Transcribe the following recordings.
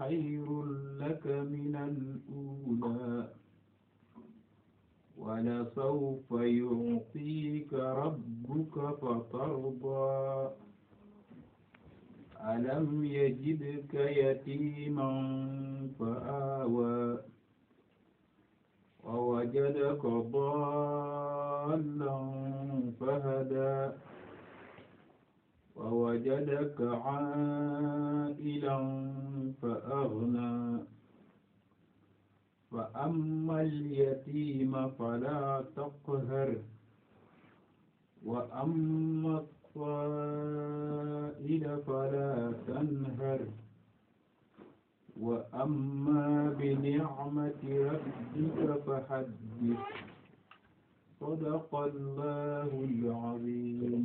خير لك من الأولى ولسوف يعطيك ربك فترضى ألم يجدك يتيما فآوى ووجدك ضالا فهدى ووجدك عائلا فأغنى فأما اليتيم فلا تقهر وأما الطائل فلا تنهر وأما بنعمة ربك فحدث صدق الله العظيم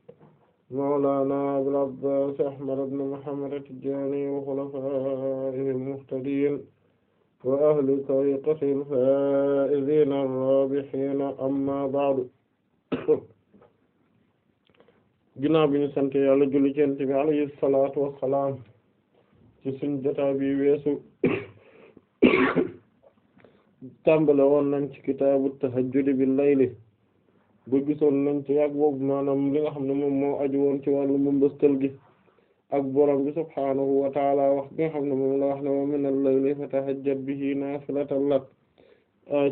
mawlana Abul Abbaas Ahmad ibn Muhammad at-Tijaani wa xulafaa'ihi al-muhtadiin wa ahli tariiqatihi al-faa'iziina ar-raabihiina ammaa ba'du ginnaaw bi ñu sant Yàlla julli ci Yonent bi alayhi salaatu wa salaam ci suñu jotaay bi weesu tàmbale woon nañ ci kitaabu tahajjudi bil-layli ba gisoon nañ ci yàgg boobu maanaam li moom moo aju woon ci wàllu mbëstal gi ak borom bi subhaanahu wa taala wax bi xam ne moom la wax ne wa min al-layli fatahajjad bihi naafilatan lak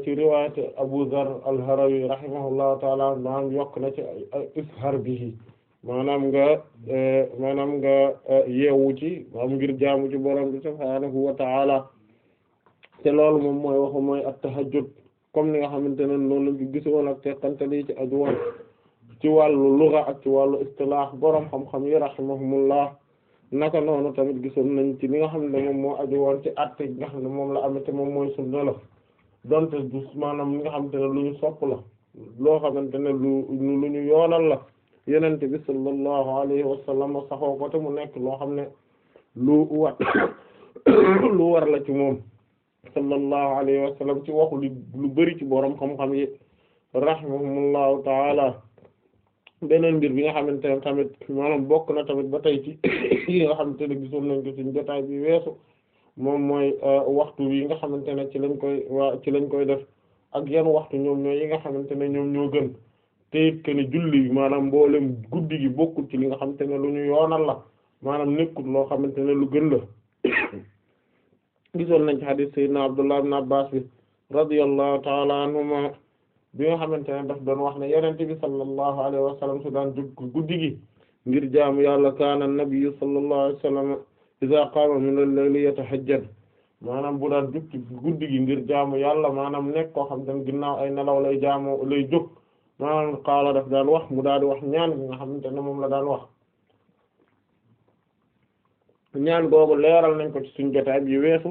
ci riwaayat Abu Dharr al-Harawi rahimahullahu taala maanaam yokk na ci ishar bihi maanaam nga maanaam nga yeewu ci am ngir jaamu ci borom bi subhaanahu wa taala loolu moom mooy waxu mooy at-tahajjud comme li nga xamante ne noonu lañ ko gisoon ak teqantali ci aju woon ci wàllu ak ci wàllu istilaax boroom xam-xam yi rahimahumullah naka noonu tamit gisoon nañ ci li nga xam ne moom moo aju woon ci àtte yi nga xam ne moom la amate moom mooy sunna la donte du maanaam li nga xamante ne lu ñu sopp la loo xamante ne lu lu ñu yoonal la yenente bi sallallahu alayhi wa saxoo ko te mu nekk loo xam ne lu wat lu war la ci moom sallallahu alayhi wa sallam ci waxu lu bari ci borom xam-xam yi rahimahumullahu taala beneen mbir bi nga xamante ne tamit maanaam bokk na tamit ba tey ci yi nga xamante ne gisoon nañ ko suñu jotaay bi weesu moom mooy uh, waxtu yi nga xamante ne ci lañ koy waa ci lañ koy def ak yan waxtu ñoom ñooy yi nga xamante ne ñoom ñoo gën te it que ne julli maanaam mboolem guddi gi bokkul ci li nga xamante ne lu ñu yoonal la maanaam nekkul loo xamante ne lu gën la gisoon nañ ci hadith sayyidina Abdullah ibn Abbas bi radiyallahu ta'ala anhuma bi nga xamante ne daf doon wax ne yonent bi sallallahu alayhi wa sallam su daan dugg guddi gi ngir jaamu yàlla kaana nabiyyu sallallahu alayhi wa sallam iza qaama min al-layli yatahajjad maanaam bu daan dugg guddi gi ngir jaamu yàlla maanaam nekk koo xam dem ginnaaw ay nelaw lay jaamu lay jóg maanaam qaala def daan wax mu daal di wax ñaan bi nga xamante ne moom la daan wax ñaan googu leeral nañ ko ci suñu jotaay bi weesu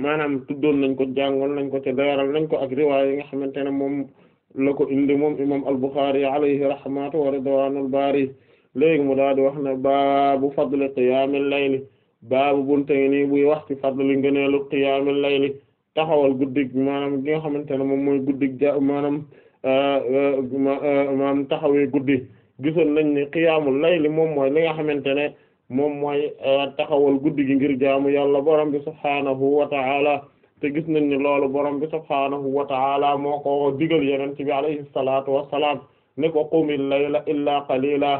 maanaam tuddoon nañ ko jàngoon nañ ko te leeral nañ ko ak riwaay yi nga xamante ne moom la ko indi moom imam al-Bukhari alayhi rahmatu wa ridwanul bari léegi mu daal di wax ne baabu fadli qiyaamil layli baabu bunte nii buy wax ci fadli ngëneelu qiyaamil layli taxawal guddig maanaam gi nga xamante ne moom mooy guddig maanaam euh, euh, euh, maanaam taxawee guddi gisoon nañ ne qiyaamul layli moom mooy li nga xamante ne moom mooy eh, taxawal guddi gi ngir jaamu yàlla borom bi subhaanahu wa ta'ala te gis nañ ne loolu borom bi subhaanahu wa ta'ala moo ko digal yonent bi alayhi salaatu wa salaam ne ko qumil layla illaa qalila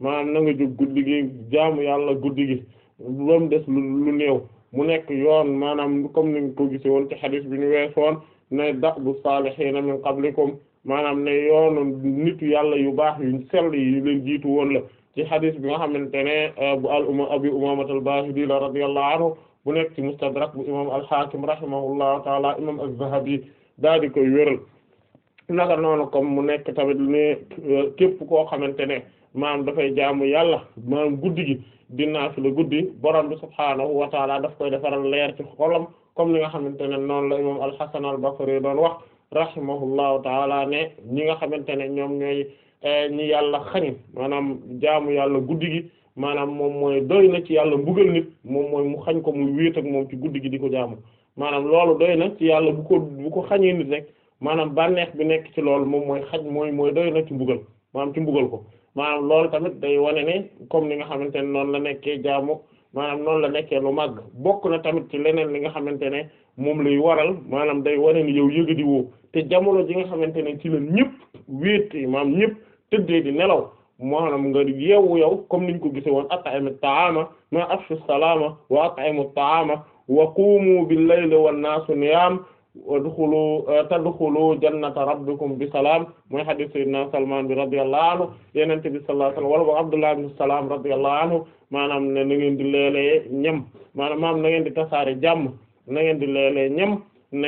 maanaam na nga jóg guddi gi jaamu yàlla guddi gi ba mu des lu néew mu nekk yoon maanaam comme ni nga ko gisee woon ci xadis bi ñu weesoon ne da'bu saalihiina min qablikum maanaam ne yoonu nitu yàlla yu baax yu sell yi leen jiitu woon la. ci xadis bi nga xamante ne euh, bu al uma abi umamat al bahili la radiyallahu anhu bu nekk ci mustadrak bu imam al hakim rahimahullahu taala imam az-zahabi daal di koy wéral naka noonu comme mu nekk tamit ne euh, képp koo xamante ne maam dafay jaamu yàlla maam guddi gi dinaa fi la guddi borom bi subhaanahu wa taala daf koy defaral leer ci xolam comme li nga xamante ne noonu la imam al hasan al basri doon wax rahimahullahu taala ne ñi nga xamante ne ñoom ñooy ñi e, yàlla xañ maanaam jaamu yàlla guddi gi maanaam moom mooy doy na ci yàlla mbugal nit moom mooy mu xañ ko muy wéet ak moom ci guddi gi di ko jaamu maanaam loolu doy na ci yàlla bu ko bu ko xañee nit rek maanaam bànneex bi nekk ci loolu moom mooy xaj mooy mooy doy na ci mbugal maanaam ci mbugal ko maanaam loolu tamit day wane ne comme li nga xamante ne noonu la nekkee jaamu maanaam noonu la nekkee lu màgg bokk na tamit ci leneen li nga xamante ne moom lay waral maanaam day wane ni yow yëgadi woo te jamono ji nga xamante ne ci la ñëpp wéet maanaam ñëpp tëddee di nelaw maanaam nga yeewu yow comme niñ ko gise woon at'imu ta'ama ma afshu salama wa ta'ama wa qumu bil layli wan nasu niyam udkhulu eh, tadkhulu jannata rabbikum bi salaam mooy hadith sayyidina Salman bi radiyallahu anhu yonent bi sallallahu alayhi wasallam wala Abdullah ibn Salam radiyallahu anhu maanaam ne na di leele ñam maanaam maam na ngeen di tasaare jàmm na ngeen di leele ñam na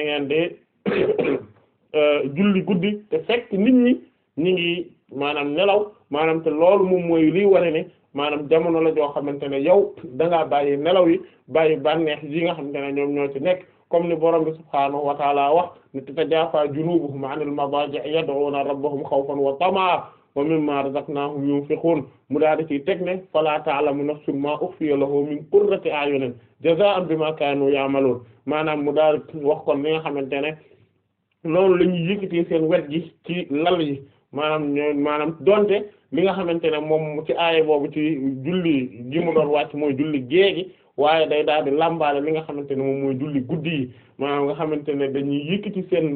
eh, julli guddi te fekk nit ñi maanaam nelaw maanaam te loolu moom mooy liy wane ne maanaam jamono la joo xamante ne yow da ngaa bàyyi nelaw yi bàyyi bànneex yi nga xamante ne ñoom ñoo ci nekk comme ni borom bi subhaanahu wa taala wax ni tatajaafaa junuubuhum anil madaaji' yad'uuna rabbahum xawfan wa tamaa wa mimmaa razaqnaahum yunfiquun mu daal di ciy teg ne falaa ta'lamu nafsun maa ukhfiya lahum min qurrati a'yunin jazaa'an bimaa kaanuu ya'maluun maanaam mu daal wax kon li nga xamante ne loolu la ñuy yëkkati seen wet gi ci lal yi maanaam ñoo maanaam donte li nga xamante ne moom ci aaya boobu ci julli gi mu doon wàcc mooy julli géegi waaye day daal di làmbaale li nga xamante ne moom mooy julli guddi yi maanaam nga xamante ne dañuy yëkkati seen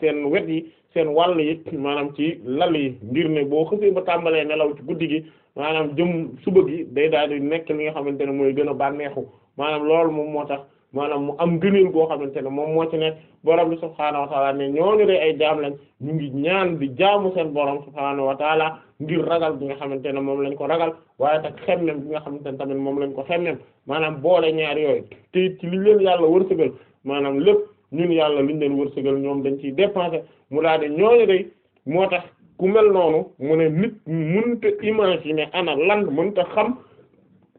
seen wet yi seen wàll yi maanaam ci lal yi ngir ne boo xësee ba tàmbalee nelaw ci guddi gi maanaam jëm suba gi day daal di nekk li nga xamante ne mooy gën a bànneexu maanaam loolu moom moo tax maanaam mu am gëneel goo xamante ne moom moo ci ne borom bi subhaanahu wa taala ne ñooñu de ay jaam lañ ñu ngi ñaan bi jaamu seen borom subhaanahu wa taala ngir ragal bi nga xamante ne moom lañ ko ragal waaye tak xemmem bi nga xamante ne tamit moom lañ ko xemmem maanaam boole ñaar yooyu te it ci liñ leen yàlla wërsëgal maanaam lépp ñun yàlla liñ leen wërsëgal ñoom dañ ciy dépenser mu daal de ñooñu de moo tax ku mel noonu mu ne nit mënta imaginer ana lan mënta xam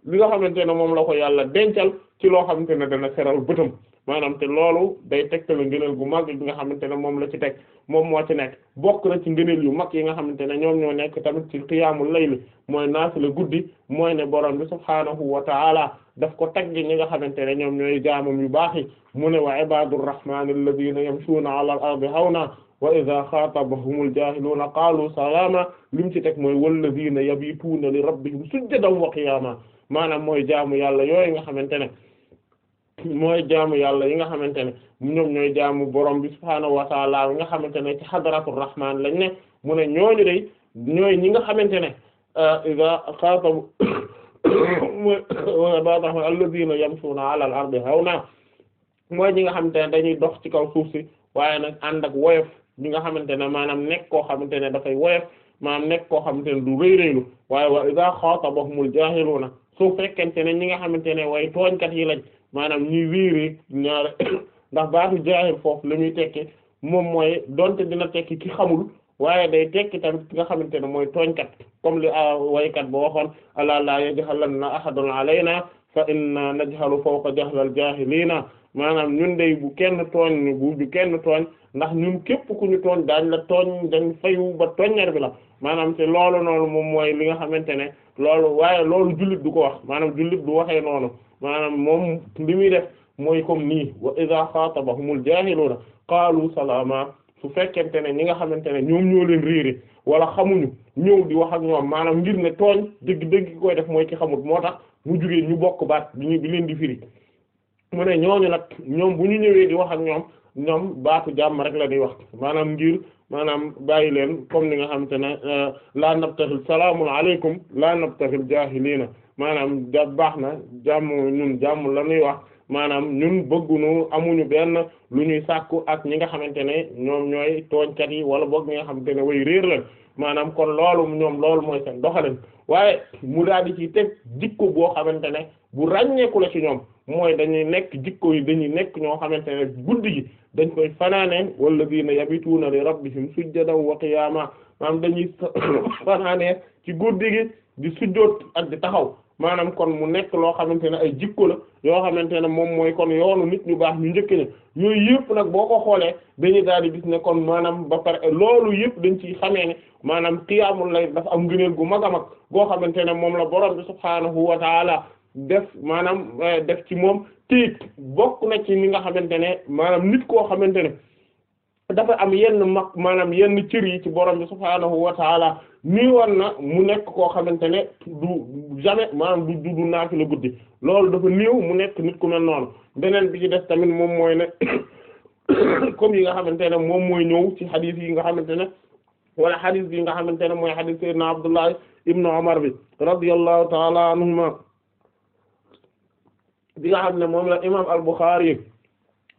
li nga xamante ne moom la ko yàlla dencal ci loo xamante ne dana seral bëtam maanaam te loolu day tegtale ngëneel gu mag bi nga xamante ne moom la ci teg moom moo ci nekk bokk na ci ngëneel yu mag yi nga xamante ne ñoom ñoo nekk tamit ci xiyaamul layl mooy naafila guddi mooy ne borom bi subhaanahu wa ta'ala daf ko tagg ñi nga xamante ne ñoom ñooy jaamam yu baax yi mu ne wa ibadur rahmaani alladhina yamshuuna ala al-ardi hawna wa idha xaatabahumul jaahiluuna qaalu salaama lim ci teg mooy walladhina yabituuna li rabbihim sujjadan wa qiyaama maanaam mooy jaamu yàlla yooyu nga xamante ne mooy jaamu yàlla yi nga xamante ne ñoom ñooy jaamu borom bi subhaanahu wa taala yi nga xamante ne ci xadaratul rahman lañ ne mu ne ñooñu day ñooy ñi nga xamante ne euh, iza xaatabu bataxma alladina yamsuuna ala al ardi hawna mooy ñi nga xamante ne dañuy dox ci kaw suuf si waaye nag ànd ak woyof ñi nga xamante ne maanaam nekk koo xamante ne dafay woyof maanaam nekk koo xamante ne du rëy rëylu waaye wa iza xaatabahumul jaahiluuna ne ñi nga xamante ne way tooñkat yi lañ maanaam ñuy wéeree ñaar ndax baatu jaahil foofu la muy tekki moom mooy donte dina tekki ki xamul waaye day tekki tamit ki nga xamante ne mooy tooñkat comme li a ah, waykat ba waxoon alaa laa yajhalanna ahadun na fa inna najhalu fawqa jahlal jaahiliina maanaam ñun day bu kenn tooñ bu bu kenn tooñ ndax ñun képp ku ñu tooñ daañ la tooñ dañ fayu ba tooñar bi la maanaam te loolu noonu moom mooy li nga xamante ne loolu waaye loolu julit du ko wax maanaam jullit du waxee noonu maanaam moom li muy def mooy comme nii wa idha xaatabahumul jaahiluuna qaalu salaama su fekkente ne ñi nga xamante ne ñoom ñoo leen réere wala xamuñu ñëw di wax ak ñoom maanaam ngir ne tooñ dëgg dëgg ki koy def mooy ki xamut moo tax mu jugee ñu bokk baat bi ñu bi leen di firi mu ne ñooñu nag ñoom bu ñu ñëwee di wax ak ñoom ñoom baatu jàmm rek la di wax maanaam ngir maanaam bàyyi leen comme ni nga xamante ne euh, laa nabtaxil salaamun aleykum laa nabtaxil jaahiliina maanaam da baax na jàmm ñun jàmm la ñuy wax maanaam ñun bëggunu amuñu benn lu ñuy sàkku ak ñi nga xamante ne ñoom ñooy tooñkat yi wala boog ñi nga xamante ne way réer lañ maanaam kon loolu ñoom loolu mooy seen doxalin waaye mu daal ci teg jikko boo xamante ne bu ràññeeku la ci ñoom mooy dañuy nekk jikko yi dañuy nekk ñoo xamante ne guddi gi dañ koy fanaane walladiina rab bi rabbihim sujjadan wa qiyaama maanaam dañuy fanaane ci guddi gi di sujjoot ak di taxaw maanaam kon mu nekk loo xamante ne ay jikko la yoo xamante ne moom mooy kon yoonu nit ñu baax ñu njëkk yooyu yëpp nag boo ko xoolee dañuy daal di gis ne kon maanaam ba pare loolu yëpp dañ ciy xamee ne maanaam xiyaamul lay dafa am ngëneel gu mag a mag goo xamante ne moom la borom bi subhaanahu wa taala def maanaam eh, def ci moom tiit bokk na ci li nga xamante ne maanaam nit koo xamante ne dafa am yenn mag maanaam yenn cër yi ci borom bi subhaanahu wa taala woon na mu nekk koo xamante ne du jamais maanaam du du naafi guddi loolu dafa néew mu nekk nit ku noonu beneen bi ci tamit moom mooy ne yi nga xamante ne moom mooy ñëw ci xadiis yi nga xamante ne wala xadiis bi nga xamante ne mooy xadiis sayyidina Abdullah ibnu Umar bi radiyallahu taala anhuma bi nga xam ne moom la imam al-Bukhari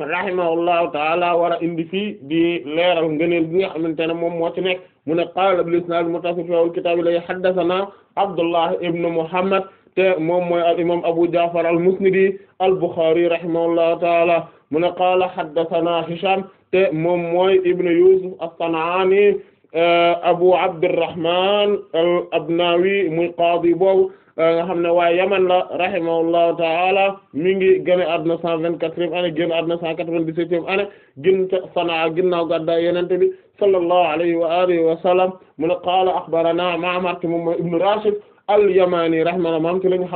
rahimahullahu taala war a indi fii di leeral ngëneel bi nga xamante ne moom moo ci nekk mu ne qaala bil isnaad muttasil fi al kitaab la haddathana Abdullah ibn Muhammad te moom mooy al imaam Abu Ja'far al musnidi al Bukhari rahimahullahu taala mu ne qaala haddathana Hisham te moom mooy ibn Yusuf as-San'ani Abu Abdurrahman al-Abnawi muy qaadi boobu Euh, nga xam ne waaye yaman la rahimahullahu ngi génn àdduna cent vingt-quatrième année génn àdduna cent quatre-vingt-dix-septième année gën Sanaa ginnaaw gàddaay Yonent bi sallallahu alayhi wa alihi wa sallam mu ne qaala akhbarana Ma'mar moom mooy ibnu Rashid al-Yamani rahimahullah maam ci la ñu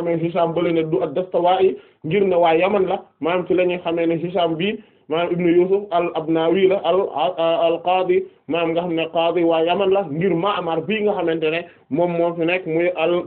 waa Yaman la maam ci la ñuy xamee ne Hisham bi maam ibnu Yusuf al-Abnawi nga xam ne qaadi waa Yaman la ngir Ma'mar bii nga xamante ne moom moo fi nekk muy al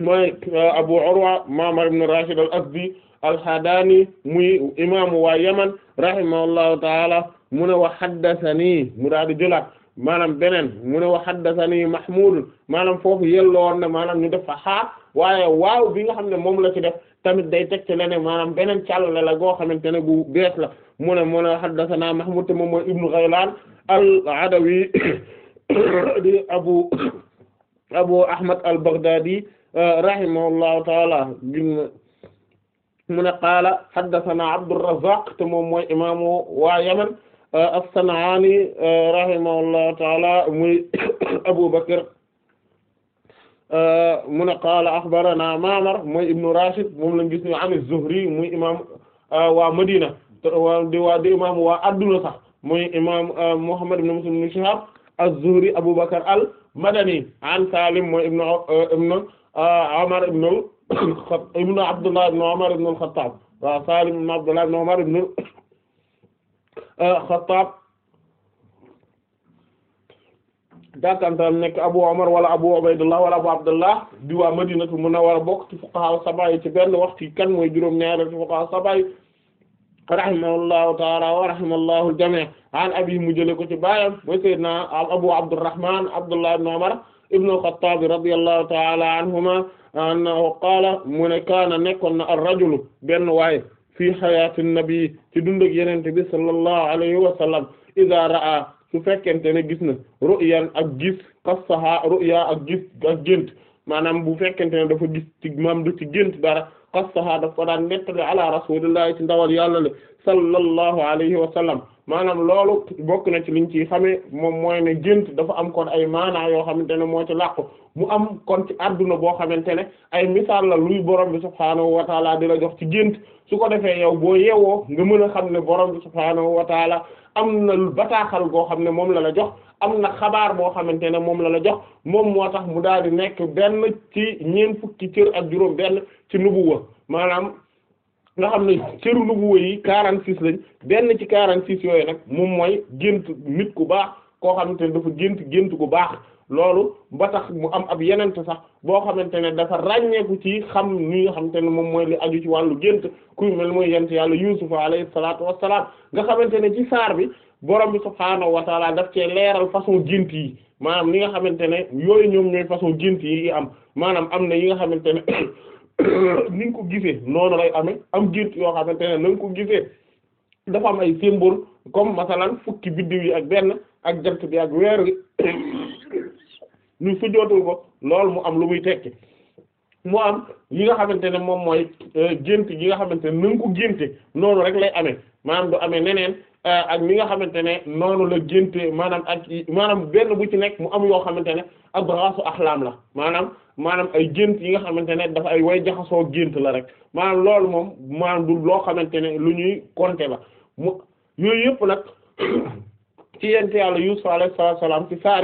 mooy euh, Abu Urwa Ma'mar ibn Rashid al-Azdi al-Hadani muy imaamu waa Yaman rahimahullahu ta'ala mu ne wa haddathani mu daal di jëlaat maanaam beneen mu ne wa haddathani Mahmud maanaam foofu yelloon na maanaam ñu def fa xaar waaye waaw bi nga xam ne moom la ci def tamit day teg ci leneen maanaam beneen càllale la goo xamante ne bu bees la mu ne mu ne haddathana Mahmud te moom mooy ibnu Ghaylan al-Adawi di Abu Abu Ahmad al-Baghdadi rahimahullahu taala gin mu ne qaala haddathana Abdurrazzaq te moom mooy imaamu waa Yaman as-San'aani rahimahullahu taala muy Abu Bakr mu ne qaala akhbarana Ma'mar mooy ibnu Rashid moom lañ gis ni an az-Zuhri muy imaam waa Madina di waa di imaam waa adduna sax muy imaam Muhammad ibn Muslim ibn Shihab az-Zuhri Abu Bakr al-Madani an Salim mooy ibnu ibnu Umar ibn ibn Abdullah ibn Umar ibn al-Khattab wa Salim ibn Abdullah ibn Umar ibn al-Khattab dakantam nekk Abu Umar wala Abu Ubaydullah wala Abu Abdullah di waa Madinatu Munawwara bokk ci fuqaha sab'a yi ci benn waxtu yi kan mooy juróom-ñaareel ci fuqaha sab'a yi rahimahullahu taala wa rahimahullahu al-jami' an abi mu jële ko ci baayam mooy Seydina Abu Abdurrahman Abdullah ibn Umar ibn al-Khattab radiyallahu ta'ala anhuma annahu qaala mu ne kaana nekkoon na ar-rajulu benn waaye fii xayaati nabi ci dund ak yenente bi sallallahu alayhi wa sallam iza ra'a su fekkente ne gis na ru'yan ak gis qassaha ru'ya ak gis ak gént maanaam bu fekkente ne dafa gis ci maam du ci gént dara qassaha daf ko daan nettali ala rasulillahi ci ndawal yàlla le sallallahu alayhi wa sallam maanaam loolu bokk na ci liñ ci xamee moom mooy ne gént dafa am kon ay maanaa yoo xamante ne moo ci làqu mu am kon ci adduna boo xamante ne ay misaal la luy borom bi subhaanahu wa taala di la jox ci gént su ko defee yow boo yewoo nga mën a xam ne borom bi subhaanahu wa taala am na bataaxal goo xam ne moom la la jox am na xabaar boo xamante ne moom la la jox moom moo tax mu daal di nekk benn ci ñeent fukki cër ak juróom benn ci nubuwa maanaam nga xam ne cëru nubuwa yi quarante six lañ benn ci quarante six yooyu nag moom mooy gént nit ku baax koo xamante ne dafa gént gént gu baax loolu ba tax mu am ab yeneen sax boo xamante ne dafa ràññeeku ci xam ni nga xamante ne moom mooy li aju ci wàllu gént ku mel mooy yent yàlla Yuusuf alayhi salaatu wassalaam nga xamante ne ci saar bi borom bi subhaanahu wa taala daf cee leeral façon gént yi maanaam li nga xamante ne yooyu ñoom ñooy façon gént yi am maanaam am na yi nga xamante ne ni ko gisee noonu lay amee am gént yoo xamante ne na nga ko gisee dafa am ay symbole comme masalan fukki biddiw ak benn ak jant bi ak weer wi ñu sujootul ko loolu mu am lu muy tekki mu am yi nga xamante ne moom mooy euh, gént yi nga xamante ne na ko génte noonu rek lay amee maanaam du amee neneen euh, ak mi nga xamante ne noonu la génte maanaam ak maanaam benn bu ci nekk mu am yoo xamante ne abraasu axlaam la maanaam maanaam ay gént yi nga xamante ne dafa ay way jaxasoo gént la rek maanaam loolu moom maanaam du loo xamante ne lu ñuy compter la mu yooyu yëpp nag ci yent yàlla Yuusuf alayhi salaam ci saar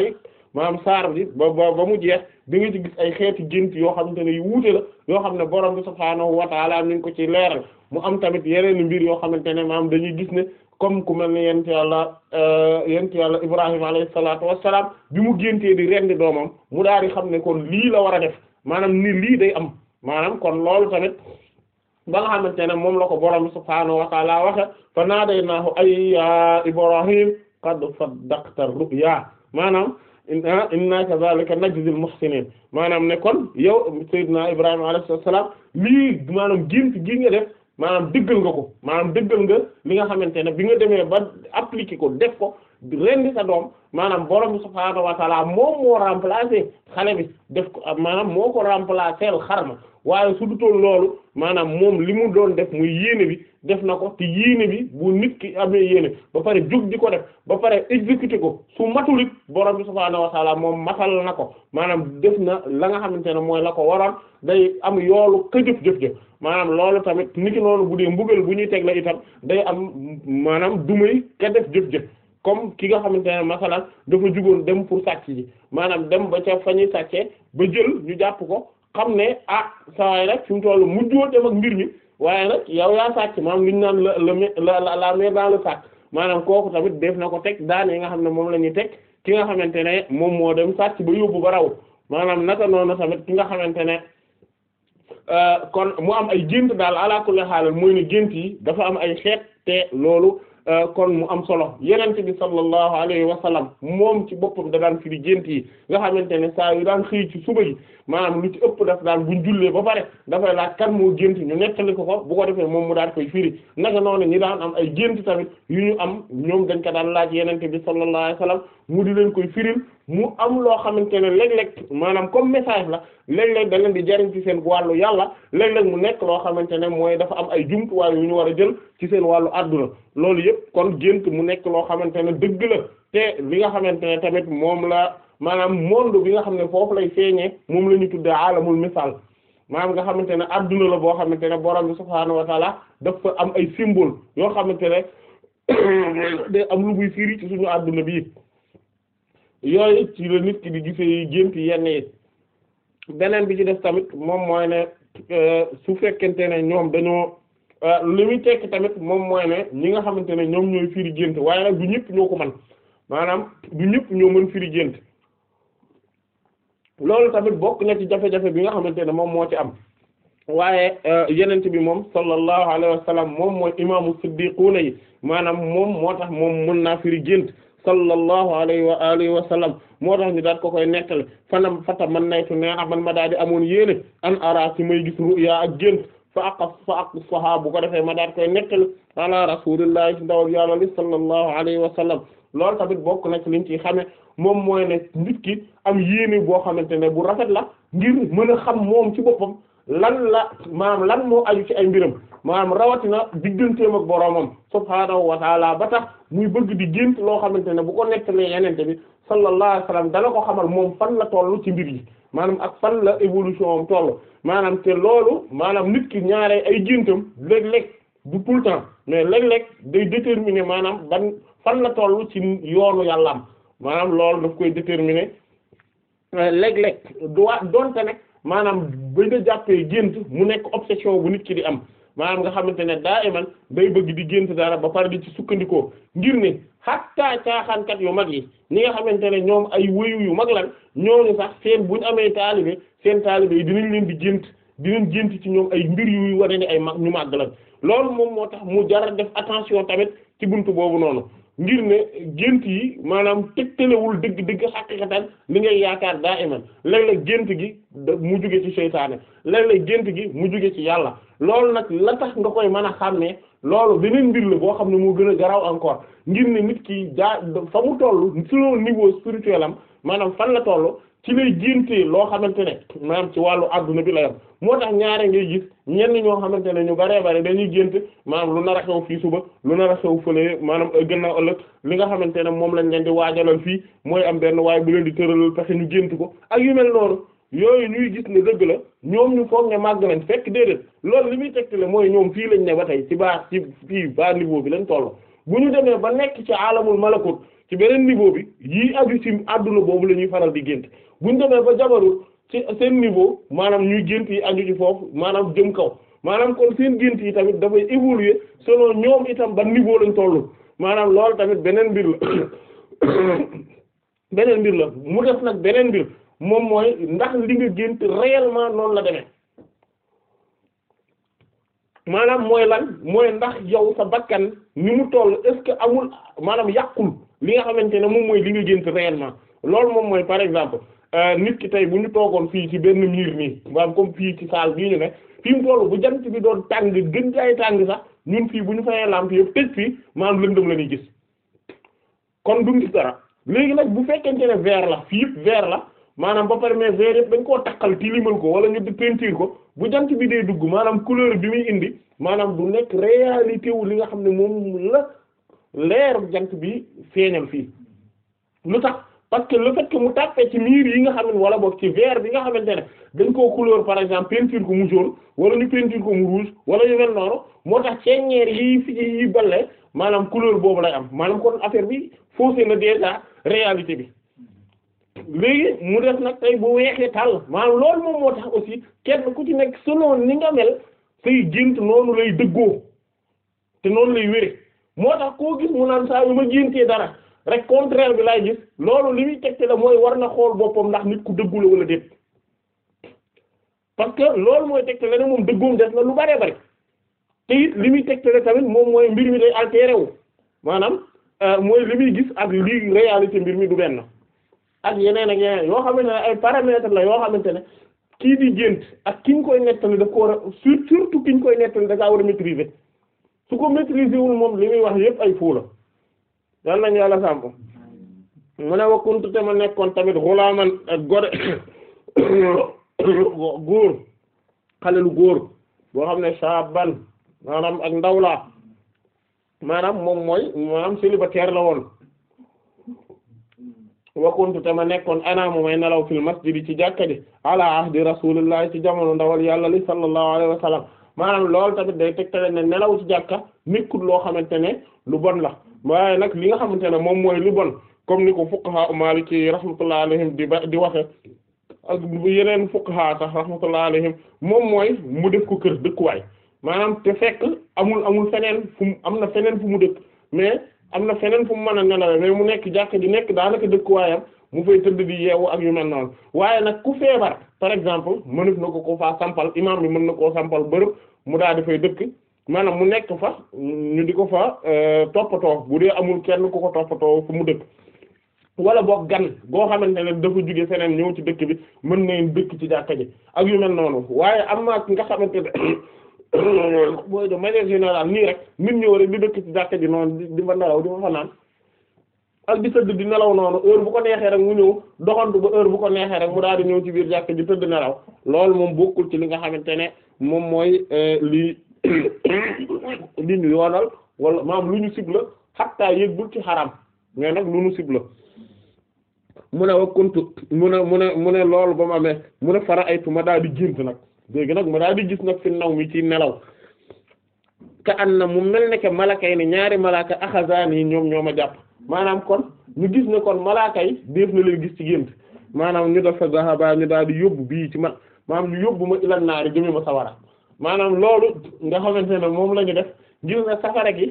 maanaam saar bi ba ba ba mu jeex da nga ci gis ay xeeti gént yoo xam ne yu yoo xam ne borom bi subhaanahu wa ta'ala mi ko ci leeral mu am tamit yeneen mbir yoo xamante ne maanaam dañuy gis ne comme ku mel ne yent yàlla euh, yent yàlla Ibrahima alayhi salaatu wassalaam bi di rendi doomam mu daal di xam ne kon lii la war a def maanaam ni lii day am maanaam kon lool tamit ba nga xamante ne moom la ko borom bi subhaanahu wa ta'ala waxe fa naaday naahu ay ya Ibrahim qad saddaqta ru'ya maanaam inna kazaalika najzil muhsinin maanaam ne kon yow Seydina Ibrahima alayhi salaam lii maanaam gént gi nga def maanaam dëggal nga ko maanaam dëggal nga li nga xamante ne bi nga demee ba appliquer ko def ko rendi sa doom maanaam borom subhaanahu wa taala moom moo remplacer xale bi def ko maanaam moo ko remplacer xarma waaye su dutoon loolu maanaam moom li mu doon def muy yéene bi def na ko te yéene bi bu nit ki amee yéene ba pare jóg di ko def ba pare exécuter ko su matul it borom bi subhaanahu wa taala moom matal na ko maanaam def na la nga xamante ne mooy la ko waroon day am yoolu ka jëf-jëf-jëf maanaam loolu tamit niki noonu bu dee mbugal bu ñuy teg la itam day am maanaam dumay ka def jëf-jëf comme ki nga xamante ne masalan dafa jugoon dem pour sàcc ji maanaam dem ba ca fa ñuy sàccee ba jël ñu jàpp ko xam ne ah saa rek nag fi mu toll mujjoo dem ak mbir mi waaye nag yow yaa sàcc maanaam li ñu naan la la la la main dans le maanaam kooku tamit def na ko teg daal yi nga xam ne moom la ñuy teg ki nga xamante ne moom moo dem sàcc ba yóbbu ba raw maanaam naka noonu tamit ki nga xamante ne euh, kon mu am ay gént daal ala kulli xaalis mooy ne gént yi dafa am ay xeet te loolu. Euh, kon mu am solo yenente bi sallallahu alayhi wa sallam moom ci bopp da daan firi gént yi nga xamante ne saa yu daan xëy ci suba yi maanaam lu ci ëpp daf daan buñ jullee ba pare dafay laaj kan moo gént ñu nettali ko ko bu ko defee moom mu daan koy firi naka noonu ñi daan am ay gént tamit yu ñu am ñoom dañ ko daan laaj yenente bi sallallahu alayhi wa sallam mu di leen koy firil mu am loo xamante ne léeg-léeg maanaam comme message la léeg-léeg da di jariñ ci seen wàllu yàlla léeg mu nekk loo xamante ne mooy dafa am ay jumtuwaay yu ñu war a jël ci seen wàllu àdduna loolu yëpp kon gént mu nekk loo xamante ne dëgg la nga xamante ne tamit moom la maanaam monde bi nga xam ne foofu lay feeñee moom la ñu tuddee alamul messal maanaam nga xamante ne àdduna la boo xamante ne borom bi subhaanahu wa taala dafa am ay symbole yoo xamante ne day am lu muy firi suñu àdduna bi yooyu ci la nit ki di gisee gént yenn yi beneen bi ci def tamit moom mooy ne euh, su fekkente ne ñoom dañoo euh, li muy tekki tamit moom mooy ne ñi nga xamante ne ñoom ñooy firi gént waaye nag du ñëpp ñoo ko maanaam du ñëpp ñoo mën firi gént loolu tamit bokk na ci jafe-jafe bi nga xamante ne moom moo ci am waaye euh, yenent bi moom sallallahu alayhi wa moom mooy imaamu siddiquuna yi maanaam moom moo tax moom mën naa firi gént sallallahu alayhi wa alihi wa sallam moo tax ñu daat ko koy nettale fanam fata man naytu nee na man ma daa di amoon yéene an ara ci may gis ru'ya ak gént fa aqas a aqas saha bu ko defee ma daat koy nettale ala rasulillahi si ndawal yàlla li sallallahu alayhi wa sallam loolu tamit bokk na ci liñ ciy xamee moom mooy ne nit ki am yéene boo xamante ne bu rafet la ngir mën a xam moom ci boppam lan la maanaam lan moo aju ci ay mbiram maanaam rawatina digganteem ak boroomam subhaanahu wa taala ba tax muy bëgg di gént loo xamante ne bu ko nettalee yenente bi sallallahu alayhi wa sallam dana ko xamal moom fan la toll ci mbir yi maanaam ak fan la évolution am toll maanaam te loolu maanaam nit ki ñaare ay géntam léeg-léeg du tout le temps mais léeg-léeg day déterminer maanaam ban fan la toll ci yoonu yàllaam maanaam loolu daf koy déterminer euh, léeg-léeg doonte nag maanaam ba nga jàppee gént mu nekk obsession bu nit ki di am maanaam nga xamante ne daa iman bay bëgg di gént daala ba pare di ci sukkandikoo ngir ne xattaa caaxaankat yu mag yi ñi nga xamante ne ñoom ay wéyu yu mag lan ñooñu sax seen bu ñu amee taalibe seen taalibe yi dinañ leen di gént dinañ gént ci ñoom ay mbir yu wane ne ay mag ñu màgg lan loolu moom moo tax mu jar def attention tamit ci buntu boobu noonu ngir ne gént yi maanaam tegtalewul dëgg-dëgg xaqiqatan li ngay yaakaar daa iman léeg-léeg gént gi mu jóge ci seytaane léeg-léeg gént gi mu jóge ci yàlla loolu nag la tax nga koy mën a xàmmee loolu beneen mbir la boo xam ne moo gën a garaw encore ngir ne nit ki jaa fa mu toll selon niveau spirituel am maanaam fan la toll ci lay géntee loo xamante ne maanaam ci wàllu àdduna bi la yam moo tax ñaare ngay gis ñenn ñoo xamante ne ñu baree bare dañuy gént maanaam lu nar a xew fii suba lu nar a xew fële maanaam gannaaw ëllëg li nga xamante ne moom lañ leen di waajalal fii mooy am benn waaye bu leen di tëralal taxe ñu gént ko ak yu mel noonu yooyu ñuy gis ne dëgg la ñoom ñu foog ne màgg leen fekk déedéet lool li muy tegtale mooy ñoom fii lañ ne ba tey ci baa ci fii baa niveau bi lañ toll bu ñu demee ba nekk ci alamul malakut ci beneen bi yii aju ci adduna boobu la ñuy faral di gént buñ demee ba jabarut ci seen niveau maanaam ñuy gént yi aju ci foofu maanaam jëm kaw maanaam kon seen gént yi tamit dafay évoluer selon ñoom itam ban niveau lañ tollu maanaam lool tamit beneen mbir la beneen mbir la mu def nag beneen mbir moom mooy ndax li nga gént réellement noonu la deme maanaam mooy lan mooy ndax yow sa bakkan ni mu toll est-ce amul maanaam yàqul li nga xamante ne moom mooy li nga gént réellement loolu moom mooy par exemple Euh, nit ki tey bu ñu toogoon fii ci benn miir nii maanaam comme fii ci saal bii ñu ne fi mu toll bu jant bi doon tàng gën jaay tàng sax ñun fii bu ñu fayee lampe yëpp tëj fii maanaam lëndëm la ñuy gis kon du gis dara léegi nag bu fekkente ne verre la fii yëpp verre la maanaam ba pare mais verre yëpp dañ koo takkal tilimal ko wala ñu di peinture ko bu jant bi dee dugg maanaam couleur bi muy indi maanaam du nekk réalité wu li nga xam ne moom la leer jant bi feeñal fii lu tax. parce que le fait que mu tàppee ci miir yi nga xam ne wala boog ci verre bi nga xamante ne dañ koo couleur par exemple peinture ko mu jaune wala ñu peinture ko mu rouge wala yu mel noonu moo tax ceeññeer yi fi yi balle maanaam couleur boobu lay am maanaam kon affaire bi faussé na déjà réalité bi léegi mu des nag tey bu weexee tàll maanaam loolu moom moo tax aussi kenn ku ci nekk selon ni nga mel say gént noonu lay dëggoo te noonu lay wére moo tax koo mu naan saa yu ma dara rek contraire bi laay gis loolu li muy tegte la mooy war na xool boppam ndax nit ku dëggu la wala parce que loolu mooy tegte la ne moom dëggoom def na lu baree bari te li muy tegte la tamit moom mooy mbir mi lay altéré wu maanaam euh, mooy li muy gis ak lii réalité mbir mi du benn ak yeneen ak yeneen yoo xamante ne ay paramètres la yoo xamante ne kii di gént ak ki ñu koy nettali daf ko war a surtout ki ñu koy nettali da kaa war a maîtriser su ko maîtriser wul moom li muy wax yépp ay fuu yal nañ yàlla sàmm mu ne wa te ma nekkoon tamit xulaaman gore góor xale lu góor boo xam ne shaban maanaam ak ndaw laa maanaam moom mooy maanaam célibataire la woon wa te ma nekkoon anaamu may nelaw fil masjidi ci jàkka ji ala ahdi rasulillahi ci jamono ndawal yàlla li sallallahu alayhi wa sallam maanaam loolu tamit day tegtale ne nelaw ci jàkka nekkul loo xamante ne lu bon la waaye nag li nga xamante ne moom mooy li bon comme ni ko fuqaha maliki ci alayhim di ba di waxe ak yeneen fuqaha sax rahmatullah alayhim moom mooy mu def ko kër dëkkuwaay maanaam te fekk amul amul feneen fu mu am na feneen fu mu dëkk mais am na feneen fu mu mën a nelawe mais mu nekk jàkk di nekk daanaka dëkkuwaayam mu fay tëdd di yeewu ak yu mel noonu waaye nag ku feebar par exemple mënut na ko ko faa sampal imaam bi mën na koo sampal bërëb mu daal di fay dëkk maanaam mu nekk fa ñu di ko fa euh, toppatoo bu dee amul kenn ku ko toppatoo fu mu dëkk wala boog gan goo xamante ne dafa jóge feneen ñëw ci dëkk bi mën nañ dëkk ci jàkka ji ak yu mel noonu waaye am na nga xamante ne mooy de manière nii rek nit ñi war a dëkk ci jàkka ji noonu di fa nelaw di fa fanaan ak di tëdd di nelaw noonu heure bu ko neexee rek mu ñëw doxantu ba heure bu ko neexee rek mu daal di ñëw ci biir jàkka ji tëdd nelaw loolu moom bokkul ci li nga xamante ne moom mooy euh, lii li ñu yoonal wala maam lu ñu sibla xattaa yëggul ci xaram mais nag lu ñu sibla mu ne wa kuntu mu ne a mun mu loolu ba mu amee mu ne fara aytu ma daal di gént nag léegi nag ma daal di gis nag fi naw mi ci nelaw ka an na mu mel ne que malaka yi ne ñaari malaka axasaan yi ñoom ñoo ma jàpp maanaam kon ñu gis ne kon malaka yi def na leen gis ci gént maanaam ñu def fa zahaba ñu daal di yóbbu bii ci ma maanaam ñu yóbbu ma ilan naari jëme ma sawara maanaam loolu nga xamante ne moom la ñu def ngir ne safara gi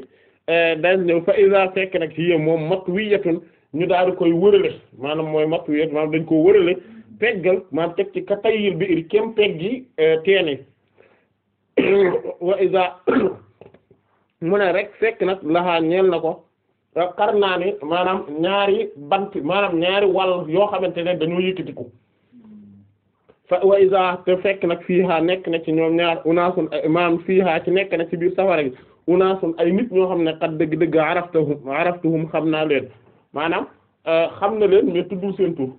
eh, dañ ñëw fa isa fekk nag ci moom mat wiyatun ñu daal di koy wërale maanaam mooy mat wiyat maanaam dañ koo wërale peggal maanaam teg ci katayil bi ir kem pegg yi eh, teene wa mu ne rek fekk nag laxaa ñeel na ko eh, xar naa ne maanaam ñaari bant maanaam ñaari wàll yoo xamante ne dañoo yëkkatiku fa wa isa te fekk nag fiiha nekk na ci ñoom ñaar unaasun ay maam fiiha ci nekk na ci biir safara gi unaasun ay nit ñoo xam ne xat dëgg-dëgg araftahum araftahum xam naa leen maanaam euh, xam na leen mais tuddul seen tur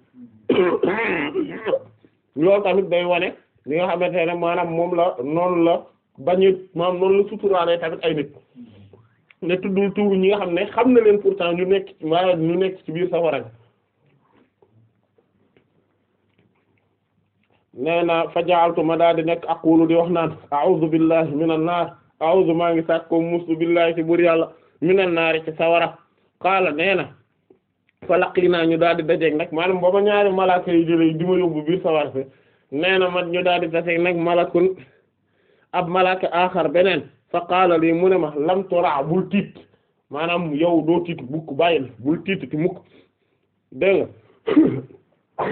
loolu tamit day wane li nga xamante ne maanaam moom la noonu la bañu maanaam noonu la suturaale tamit ay nit ne tuddul tur ñi nga xam ne xam na leen pourtant ñu nekk maanaam ñu nekk ci biir safara gi nee na fa jaaltu ma daal di nekk aqulu di wax naan a'udhu billahi minan naar a'udhu maa ngi sàkk ko musu billahi ci buur yàlla minan naar ci sawara qaala nee na fa laqi naa ñu daal di dajeeg nag maanaam booba ñaari malaaka yi jëlee di ma yóbbu biir sawar si nee na man ñu daal di dajeeg nag malakun ab malaaka aaxar beneen fa qaala lii mu ne ma lam tura bul tiit maanaam yow doo tiit mukk bàyyil bul tiit ti mukk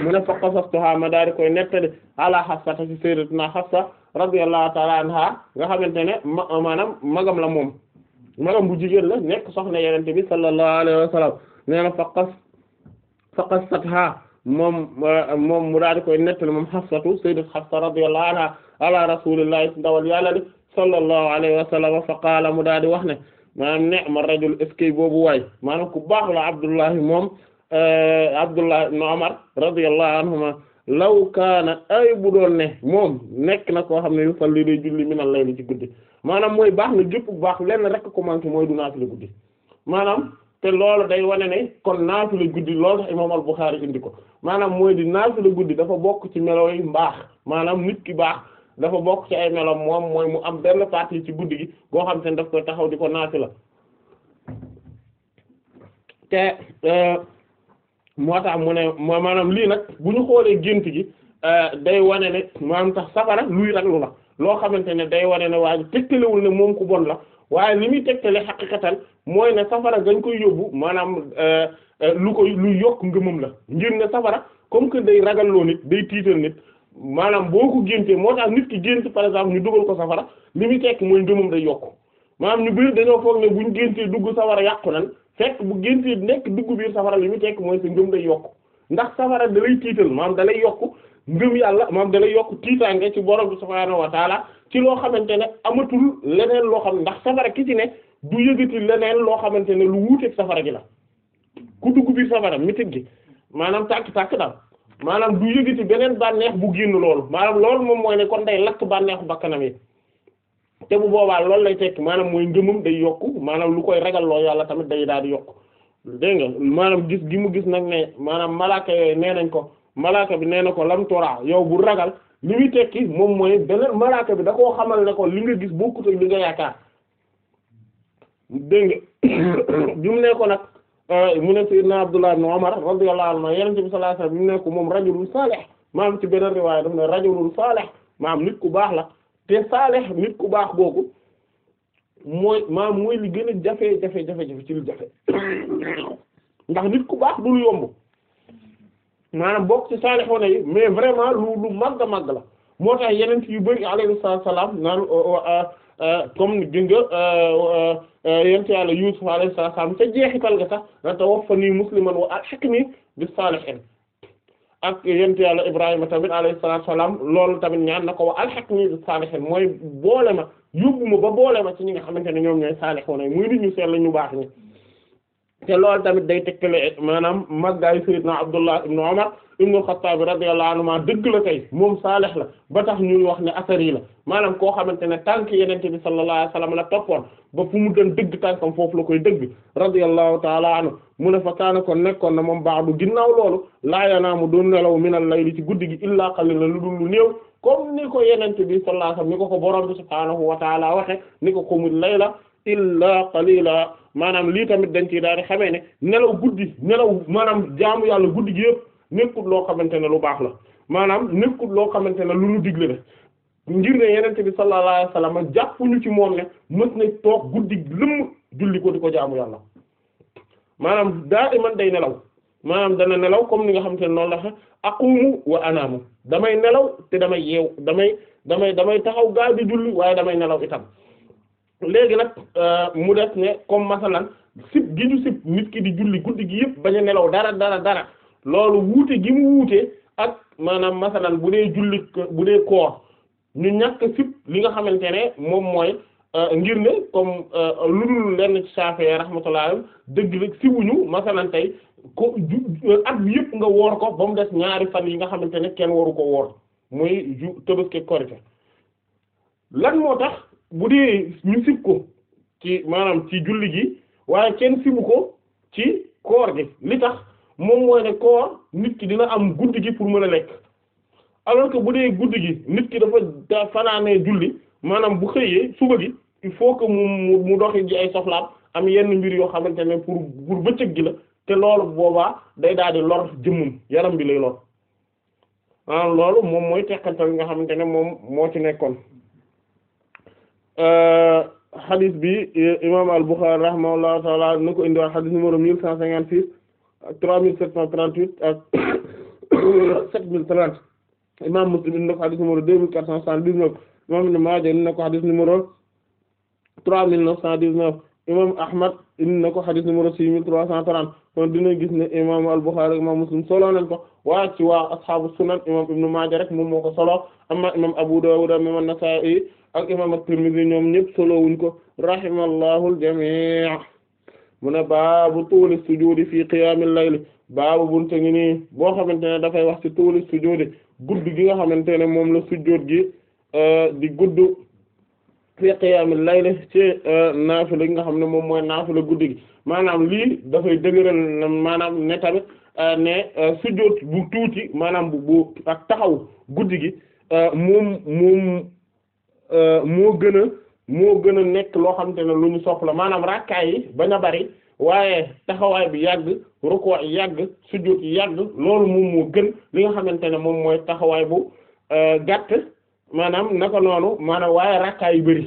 mu ne fa qasastuha ma daal di koy nettali ala Hafsata ci sayyidatuna Hafsa radiyallahu ta'ala anha nga xamante ne ma maanaam la moom magam bu jigéen la nekk soxna yenente bi sallallahu alayhi wa mu daal di koy nettali moom Hafsatu sayyidat Hafsa radiyallahu anha ala rasulillahi ndawal yàlla li sallallahu alayhi wa fa qaala mu daal di wax ne maanaam ne ma rajul eskay boobu waay maanaam ku baax la Abdullahi moom Eh, Abdullah ibn Umar radiyallahu anhuma law kaana ay bu doon ne moom nekk na koo xam ne yu fal li day julli min al-layl ci guddi maanaam mooy baax na jëpp baax lenn rek ko manqué mooy du naafila guddi maanaam te loolu day wane ne kon naafila guddi loolu tax imaam al-Bukhari indi ko maanaam mooy di la guddi dafa bokk ci melo yi mbaax maanaam nit ki baax dafa bokk ci ay melo moom mooy mu am benn partie ci guddi gi boo xam te ne daf koy taxaw di ko naafila te eh, moo tax mu ne maanaam lii nag bu ñu xoolee gént gi euh, day wane ne maanaam tax safara luy raglu la loo xamante ne day wane ne waaye tegtalewul ne moom ku bon la waaye li muy tegtale xaqiqatan mooy ne safara gañ koy yóbbu maanaam euh, euh, lu koy lu yokk ngëmam la ngir ne safara comme que day ragalloo nit day tiital nit maanaam boo ko géntee moo tax nit ki gént par exemple ñu dugal ko safara li muy tekk mooy ngëmam day yokk maanaam ñu bëri dañoo foog ne buñ géntee dugg safara yàqu nan fekk bu géntee nekk dugg biir safara li mu tekk mooy sa ngëm day yokk ndax safara da lay tiital maam dalay yokk ngëm yàlla maam da lay yokk tiitaange ci borom bi subhaanahu wa taala ci loo xamante ne amatul leneen loo xam ndax safara ki ci ne du yëgati leneen loo xamante ne lu wuuteeg safara gi la ku dugg biir safara mitit gi maanaam tàkk-tàkk daal maanaam du yëgati beneen bànneex bu génn loolu maanaam loolu moom mooy ne kon day lakk bànneexu bakkanam yi te bu boobaa loolu lay tekki maanaam mooy ngëmum day yokku maanaam lu koy ragalloo yàlla tamit day daal di yokku dégg nga maanaam gis gi mu gis nag ne maanaam malaaka yooyu nee nañ ko malaaka bi nee na ko lam toraa yow bu ragal li muy tekki moom mooy beneen malaaka bi da koo xamal ne ko li gis bokkut ak li nga yaakaar dégg nga bi ne ko nag euh, mu ne sayyidna Abdullah ibn Umar radiyallahu anhu yonent bi sallallahu alayhi wasallam bi mu ne ko moom rajulun salih maam ci beneen riwaaya daf ne rajulun salih ku baax la te saalih nit ku baax googu mooy maam mooy li gën a jafe jafe jafe jafe ci lu jafe ndax nit ku baax dul yomb maanaam bokk ci saalihoona yi mais vraiment lu lu màgg màgg la moo tax yeneen yu bëri alayhi salaam naan euh, euh, euh, comme gën nga yent yàlla Yuusuf alayhi salaam ca jeexital nga sax na tawaffanii musliman wa alhiqnii bis saalihiin ak yent yàlla Ibrahima tamit alayhi salaatu salaam loolu tamit ñaan na ko wa alhaqni bis saalihiin mooy boole ma yóbbu ma ba boole ma ci ñi nga xamante ne ñoom ñooy saalixuuna muy nit ñu sell ñu baax ñi. te loolu tamit day tegtale maanaam màggaayu sayyidna Abdullah ibn Umar ibn al-Khattab radiyallahu anhuma dëgg la kay moom saalih la ba tax ñuy wax ne asari la maanaam koo xamante ne tànk yenente bi sallallahu alayhi wasallam la toppoon ba fu mu doon dëgg tànkam foofu la koy dëgg radiyallahu ta'ala anhu mu ne fa kaana kon nekkoon na moom baax mu ginnaaw loolu laa yanaamu doon nelaw minal layli ci guddi gi illaa qalilan lu dul lu néew comme ni ko yenente bi sallallahu alayhi wasallam ni ko ko borom bi subhaanahu wa ta'ala waxe illaa qalila maanaam lii tamit dañ ciy daal di xamee ne nelaw guddi nelaw maanaam jaamu yàlla guddi gi yëpp nekkul loo xamante ne lu baax la maanaam nekkul loo xamante ne lu ñu digle la ngir ne yenente bi sallallahu alayhi wasallam jàppuñu ci moom ne mës na toog guddi lëmm julli ko di ko jaamu yàlla maanaam daa man day nelaw maanaam dana nelaw comme ni nga xamante ne noonu la xe aqumu wa anaamu damay nelaw te damay yeew damay damay damay taxaw gaa di julli waaye nelaw itam léegi nag euh, mu des ne comme masalan sib gi ñu sib nit ki di julli guddi gi yëpp bañ a nelaw dara dara dara loolu wuute gi mu wuute ak maanaam masalan bu dee julli bu dee koor ñu ñàkk sib li nga xamante ne moom mooy euh, ngir ne comme euh, lu dul lenn ci Shafi'i rahmatullah dëgg la ñu masalan tey ko at bi yëpp nga woor ko ba mu des ñaari fan yi nga xamante ne kenn waru ko woor muy ju Tabaski Korité lan moo tax bu dee ñu sib ko ci maanaam ci julli gi waaye kenn sibu ko ci koor gi li tax moom mooy ne koor nit ki dina am guddi gi pour mën a lekk alors que bu dee guddi gi nit ki dafa da fanaanee julli maanaam bu xëyee suba gi il faut que mu mu doxi ji ay soxlaam am yenn mbir yoo xamante ne pour pour bëccëg gi la te loolu boobaa day daal di lor jëmmum yaram bi lay lool ah loolu moom mooy tekkantal nga xamante ne moom moo ci nekkoon xadis euh, bi euh, imam al-Bukhari rahimahullahu taala na ko indiwaat xadis numéro mille cent cinquante six ak trois mille sept cent trente huit ak sept mille trente imam Muslim indi na ko xadis numéro deux mille quatre cent soixante-dix-neuf imam Ibn Maaja indi na ko xadis numéro trois mille neuf cent dix-neuf imam Ahmad indi na ko xadis numéro six mille trois cent trente kon dina gis ne imam al-Bukhari imam Muslim solo nañ ko waa ci waa ashaabu sunan imam Ibn Maaja rek moom moo ko solo amma imam Abu Dawud imam an-Nasa'i ak imam at-Tirmidhi ñoom ñëpp solo wuñ ko rahimallahu al-jami' mu ne baabu tuuli sujuudi fii qiyaamil layli baabu bunte ngi nii boo xamante ne dafay wax ci tuuli sujuudi gudd gi nga xamante ne moom la sujuud gi euh, di gudd fii qiyaamil layli ci euh, naafila gi nga xam ne moom mooy naafila guddi gi maanaam lii dafay dëgëral maanaam ne tamit euh, ne euh, sujjóot bu tuuti maanaam bu bu ak taxaw guddi gi euh, moom moom moo gën a moo gën a nekk loo xamante ne lu ñu soxla maanaam rakkaay yi bañ a bari waaye taxawaay bi yàgg rukkoo yàgg sujjóot yàgg loolu moom moo gën li nga xamante ne moom mooy taxawaay bu gàtt maanaam naka noonu maanaam waaye rakkaay yu bari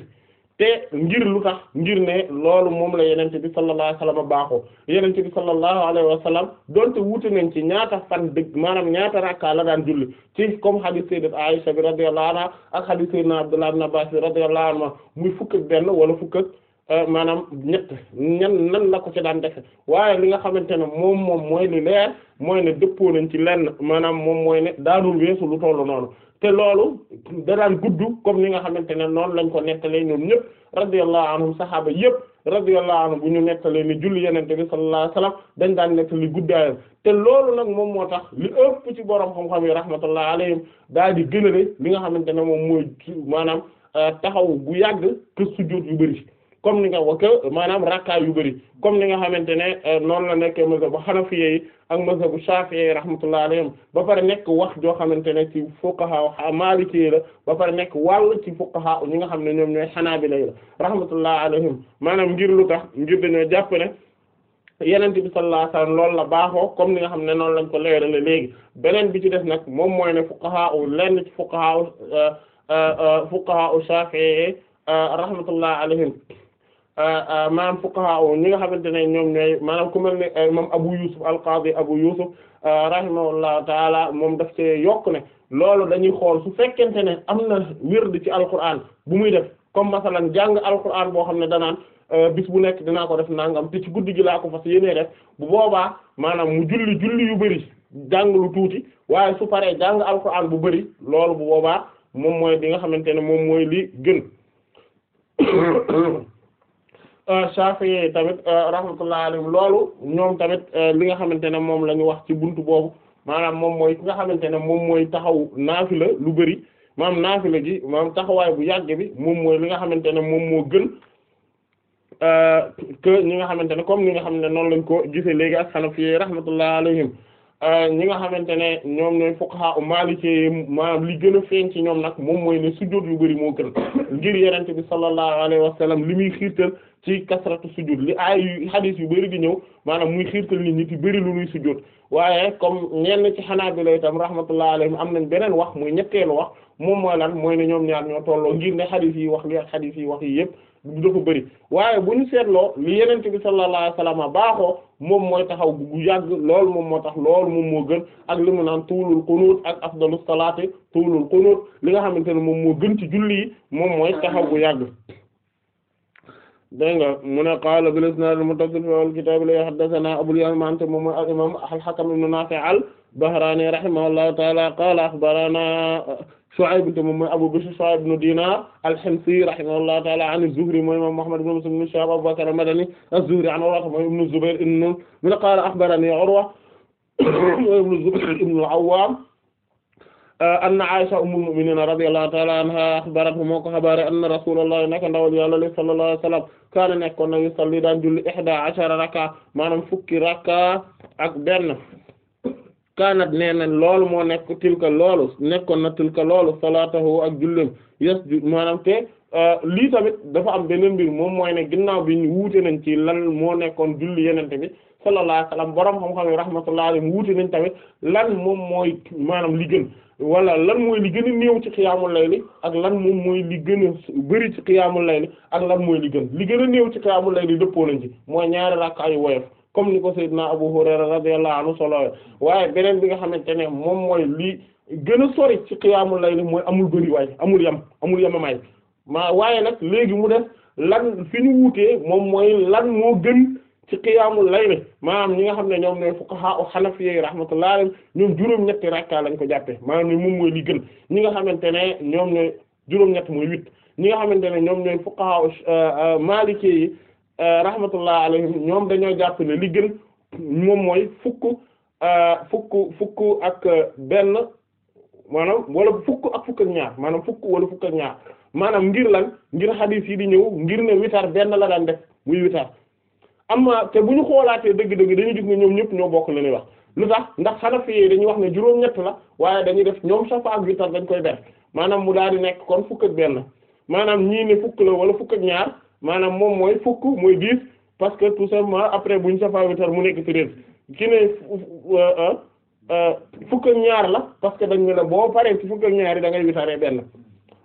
te ngir lu tax ngir ne loolu moom la yenente bi sallallahu alayhi wa sallam baaxoo yenente bi sallallahu alayhi wa sallam donte wuute nañ ci ñaata fan dëgg maanaam ñaata rakka la daan julli ci comme hadith sayyidat Aisha bi radiyallahu anha ak hadith sayyidina Abdullah ibn Abbas bi radiyallahu anhu muy fukk ak benn wala fukk ak euh, maanaam ñett ñan nan la ko ci daan defe waaye li nga xamante ne moom moom mooy li leer mooy ne dëppoo nañ ci lenn maanaam moom mooy ne daanul weesu lu tollu noonu te loolu da daan gudd comme ni nga xamante ne noonu lañ ko nettalee ñoom ñëpp radiyallahu anhum saxaaba yëpp radiyallahu anhum bu ñu nettalee ni julli yenente bi sallallahu alayhi wasallam dañ daan nettali guddaayam te loolu nag moom moo tax li ëpp ci borom xam-xam yi rahmatullahi alayhim daal di gënale li nga xamante ne moom mooy maanaam euh, taxaw bu yàgg que sujjóot yu bari comme ni nga wax maanaam rakka yu bëri comme ni nga xamante ne euh, noon la nekkee mazhabu xanafiya yi ak mazhabu shafi'i rahmatullah alayhim ba pare nekk wax joo xamante ne ci fuqaha maliki la ba pare nekk wàll ci fuqaha ñi nga xam ne ñoom ñooy xanaabila la rahmatullah alayhim maanaam ngir lu tax ngir dañoo jàpp ne yenente bi sallallahu alayhi wasallam loolu la baaxoo comme ni nga xam ne noonu lañ ko la léegi beneen bi ci des nag moom mooy ne fuqaha u lenn ci fuqaha euh, euh, fuqaha u shafi'i rahmatullah alayhim Euh, euh, maanaam fuqaha ñi nga xamante ne ñoom ñooy maanaam ku mel ne euh, moom Abu Yusuf al-Qadi Abu Yusuf rahimahullahu taala moom def cee yokk ne loolu dañuy xool su fekkente ne am na wër wird ci alquran bu muy def comme masalan jàng alquran boo xam ne danaan bis bu nekk dinaa ko def nangam te ci guddi gi laa ko fas yéenee def bu boobaa maanaam mu julli julli yu bëri jàng lu tuuti waaye su paree jàng alquran bu bëri loolu bu boobaa moom mooy li nga xamante ne moom mooy li gën. Euh, Shafi'i tamit euh, rahmatullahi alayhim loolu ñoom tamit euh, li nga xamante ne moom lañu wax ci bunt boobu maanaam moom mooy ki nga xamante ne moom mooy taxaw naafila lu bari maanaam naafila gi maanaam taxawaay bu yàgg bi moom mooy li nga xamante ne moom moo gën que ñi nga xamante ne comme ñi nga xam ne noonu lañ ko gisee léegi ak Hanafi rahmatullahi alayhim Euh, ñi nga xamante ne ñoom ñooy fuqaha maliki maanaam li gën a feeñ ci ñoom nag moom mooy ne sujjóot yu bari moo gën ngir yerante bi sallallahu alayhi wa sallam li muy xiirtal ci kasratu sujjóot li ay yu xadiis yu bari di ñëw maanaam muy xiirtal nit ñi ci bari lu muy sujjóot waaye comme ñenn ci xanaa Hanaabila itam rahmatullahi alayhim am nañ beneen wax muy ñetteelu wax moom mooy lan mooy ne ñoom ñaar ñoo tolloo ngir ne xadiis yi wax li ak xadiis yi wax yi yépp dafa bëri waaye bu ñu seetloo li yenente bi sallallahu alayhi wasallam baaxoo moom mooy taxaw bu yàgg lool moom moo tax lool moom moo gën ak li mu naan tuulul qunut ak afdalus salaati tuulul qunut li nga xamante ne moom moo gën ci julli yi moom mooy taxaw bu yàgg dégg nga mu ne qaala bil isnaad al muttasil fi al kitaab li haddasanaa Abul Yamaan te moom al imaam al Hakam ibn Naafi' al Bahraani rahimahullahu ta'aala qaala axbaranaa Shu'ayb te moom mooy Abu Bishr Shu'ayb ibn Diinaar al-Himsi rahimahullahu ta'aala an az-Zuhri mooy imaam Muhammad ibn Muslim ibn Shihaab Abu Bakr al-Madani az-Zuhri an Urwa mooy ibn Zubayr mu ne qaala axbaranii Urwa mooy ibn Zubayr ibn al-Awwaam Uh, anna Aisha ummul mu'minin radiyallahu ta'ala anha akhbarathu moo ko xabaare anna rasulullah naka ndawal yàlla li sallallahu alayhi kaana nekkoon na yusalli daan julli ihda ashara raka maanaam fukki raka ak benn kaanat nee na loolu moo nekk tilka loolu nekkoon na tilka loolu salaatahu ak jullim yes maanaam te uh, lii tamit dafa am beneen mbir moom mooy ne ginnaaw bi ñu wuute nañ ci lan moo nekkoon julli yenente bi sallallahu alayhi wasallam borom xam-xam yi rahmatullahi nañ tamit lan moom mooy maanaam li wala lan mooy li gën a néew ci xiyaamul layli ak lan moom mooy li gën a bëri ci xiyaamul layli ak lan mooy li gën li gën a néew ci xiyaamul layli dëppoo nañ ci mooy ñaari rakka yu woyof comme ni ko Seydina Abu Hurayra radiyallahu anhu solowee waaye beneen bi nga xamante ne moom mooy li gën a sori ci xiyaamul layli mooy amul bëri waay amul yam amul yamamaay maa waaye nag léegi mu def lan fi ñu wuutee moom mooy lan moo gën ci qiyaamul layl maanaam ñi nga xam ne ñoom ñooy fuqaha u hanafiyyi rahmatullahi alayhim ñoom juróom-ñetti rakka lañ ko jàppe maanaam ni moom mooy li ñi nga xamante ne ñoom ñooy juróom-ñett mooy huit ñi nga xamante ne ñoom ñooy fuqaha u euh, euh, maliki yi euh, rahmatullahi alayhim ñoom dañoo jàpp ne li mooy fukk fukk fukk ak benn maanaam wala fukk ak fukk ak ñaar maanaam fukk wala fukk maanaam ngir lan ngir hadith yi di ñëw ngir ne witar benn la daan def muy witar am amma te bu ñu xoolaatee dëgg-dëgg dañu gis ne ñoom ñëpp ñoo bokk la ñuy wax lu tax ndax xanafi yi dañuy wax ne juróom-ñett la waaye dañuy def ñoom safa ak wittar dañ koy ber maanaam mu di nekk kon fukk ak benn maanaam ñii ne fukk la wala fukk ak ñaar maanaam moom mooy fukk mooy dix parce que tout simplement après bu ñu safa wittar mu nekk treize ki ne euh, euh, euh, fukk ak ñaar la parce que dañ ne la boo paree ci fukk ak ñaari yi da ngay wittaree benn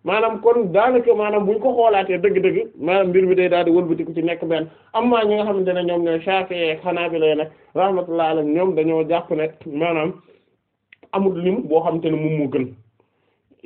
maanaam kon daanaka maanaam buñ ko xoolaatee dëgg-dëgg maanaam mbir mi day daal di wëlbatiku ci nekk benn amma ñi nga xamante ne ñoom xanaa Shafi'i Hanabila nag rahmatullahi alayhim ñoom dañoo jàpp ne maanaam amul lim boo xam xamante ne moom moo gën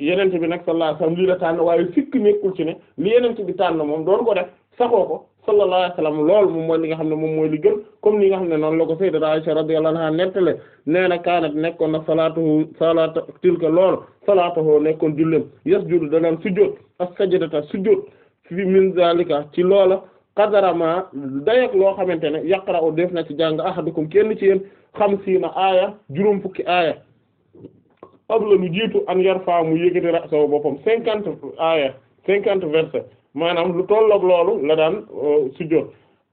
yenente bi nag sallallahu alayhi wasallam lii la tànn waaye sikk nekkul ci ne li yenente bi tànn moom doon ko def saxoo ko sallallahu alayhi wa sallam moom mooy li nga xam ne moom mooy li gën comme li nga xam ne noonu la ko sayyidatu Aisha radiyallahu anha nettale nee na kaanat nekkoon na salaatuhu salaata tilka lool salaatuhu nekkoon jullem yasjudu danaan sujjóot as-sajdata sujjóot fi min zalika ci loola qadarama dayak loo xamante ne yaqra'u def na ci jàng ahadukum kenn ci yéen xamsiina aaya juróom fukki aaya qabla lu jiitu an yarfa mu yëkkati ra'sahu boppam cinquante aaya cinquante verset maanaam lu tolloog loolu la daan euh, sujjóot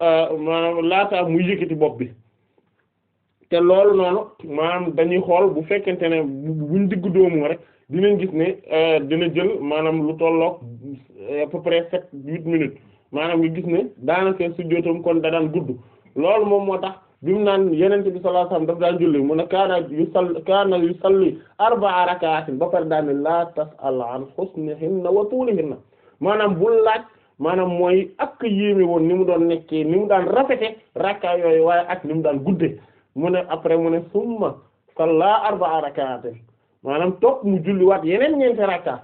euh, maanaam laata muy yëkkati bopp bi te loolu noonu maanaam dañuy xool bu fekkente ne buñ diggu doomu rek dinañ gis ne euh, dina jël maanaam lu tolloog à peu près sept huit minutes maanaam nga gis ne daanaka sujjóotam kon da daan gudd loolu moom moo tax bi mu naan yenente bi sallallahu alayhi wasallam daf daan julli mu ne kaana yu sall kaana yu salli arba'a rak'atin ba pare daan ne la tas'al an husnihinna wa tulihinna maanaam bul laaj maanaam mooy ak yéeme woon ni mu doon nekkee ni mu daan rafete rakka yooyu waaye ak ni mu daan gudde mu ne après mu ne summa salla arba'a rak'atin maanaam toog mu julliwaat yeneen ñeenti rakka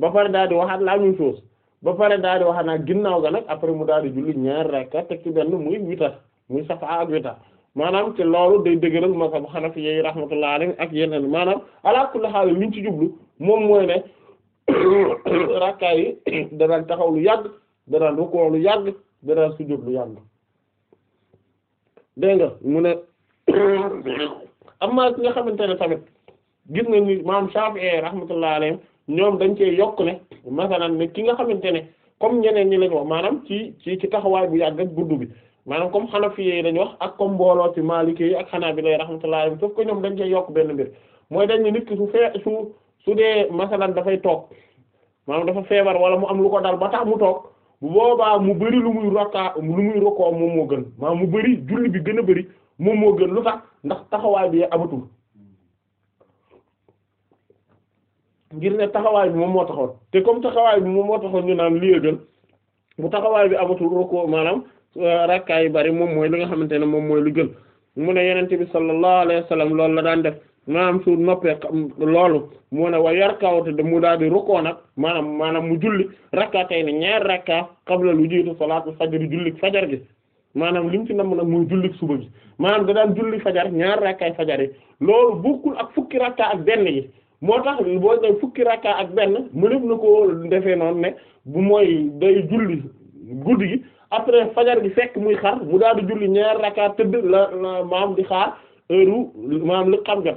ba pare daal di waxaat la même chose ba pare daal di waxaat nag ginnaaw ga nag après mu daal di julli ñaari rakka teg ci benn muy witar muy safa ak witar maanaam te loolu day dëgëral mazhab Hanafi yi rahmatullah alayhi ak yeneen maanaam ala kulli haal liñ ci jublu moom mooy ne. rakkaa yi danaan taxaw lu yàgg danaan rukkoo lu yàgg danaan sujjóot lu yàgg dégg nga mu ne am na ki nga xamante ne tamit gis nga ni maam Shafi'i rahmatullah alayhim ñoom dañ cee yokk ne masalan ne ki nga xamante ne comme ñeneen ñi lañ wax maanaam ci ci ci taxawaay bu yàgg ak gudd bi maanaam comme Hanafi yi lañ wax ak comme mbooloo ci Maliki yi ak Hanabila rahmatullah alayhim sauf que ñoom dañ cee yokk benn mbir mooy dañ ne nit ki su fee su su dee masalan dafay toog maanaam dafa feebar wala mu am lu ko dal ba tax mu toog bu boobaa mu bëri lu muy rokkaa lu muy rokkoo moom moo gën maanaam mu bëri julli bi gën a bëri moom moo ndax taxawaay bi amatul bi moom moo taxoon te comme taxawaay bi moom moo taxoon ñu naan li gën bu taxawaay bi amatul maanaam euh, rakkaa yi bari moom mooy li nga xamante ne moom mooy lu gën mu ne yenente bi sallallahu alayhi wasallam loolu la daan def maanaam su noppee loolu mu ne wa yar kawte da mu daal di rukkoo nag maanaam maanaam mu julli rakka tey ne ñaari rakka qabla lu jiitu salaatu fajr julli fajar gi maanaam li mu ci namm nag mu julli suba bi maanaam da daan julli fajar ñaari rakkaay fajar yi loolu bokkul ak fukki rakka ak benn yi moo tax boo day fukki rakka ak benn mëneb na ko defee noonu ne bu mooy day julli guddi gi après fajar gi fekk muy xar mu daal di julli ñaari rakka tëdd la maam di xaar heure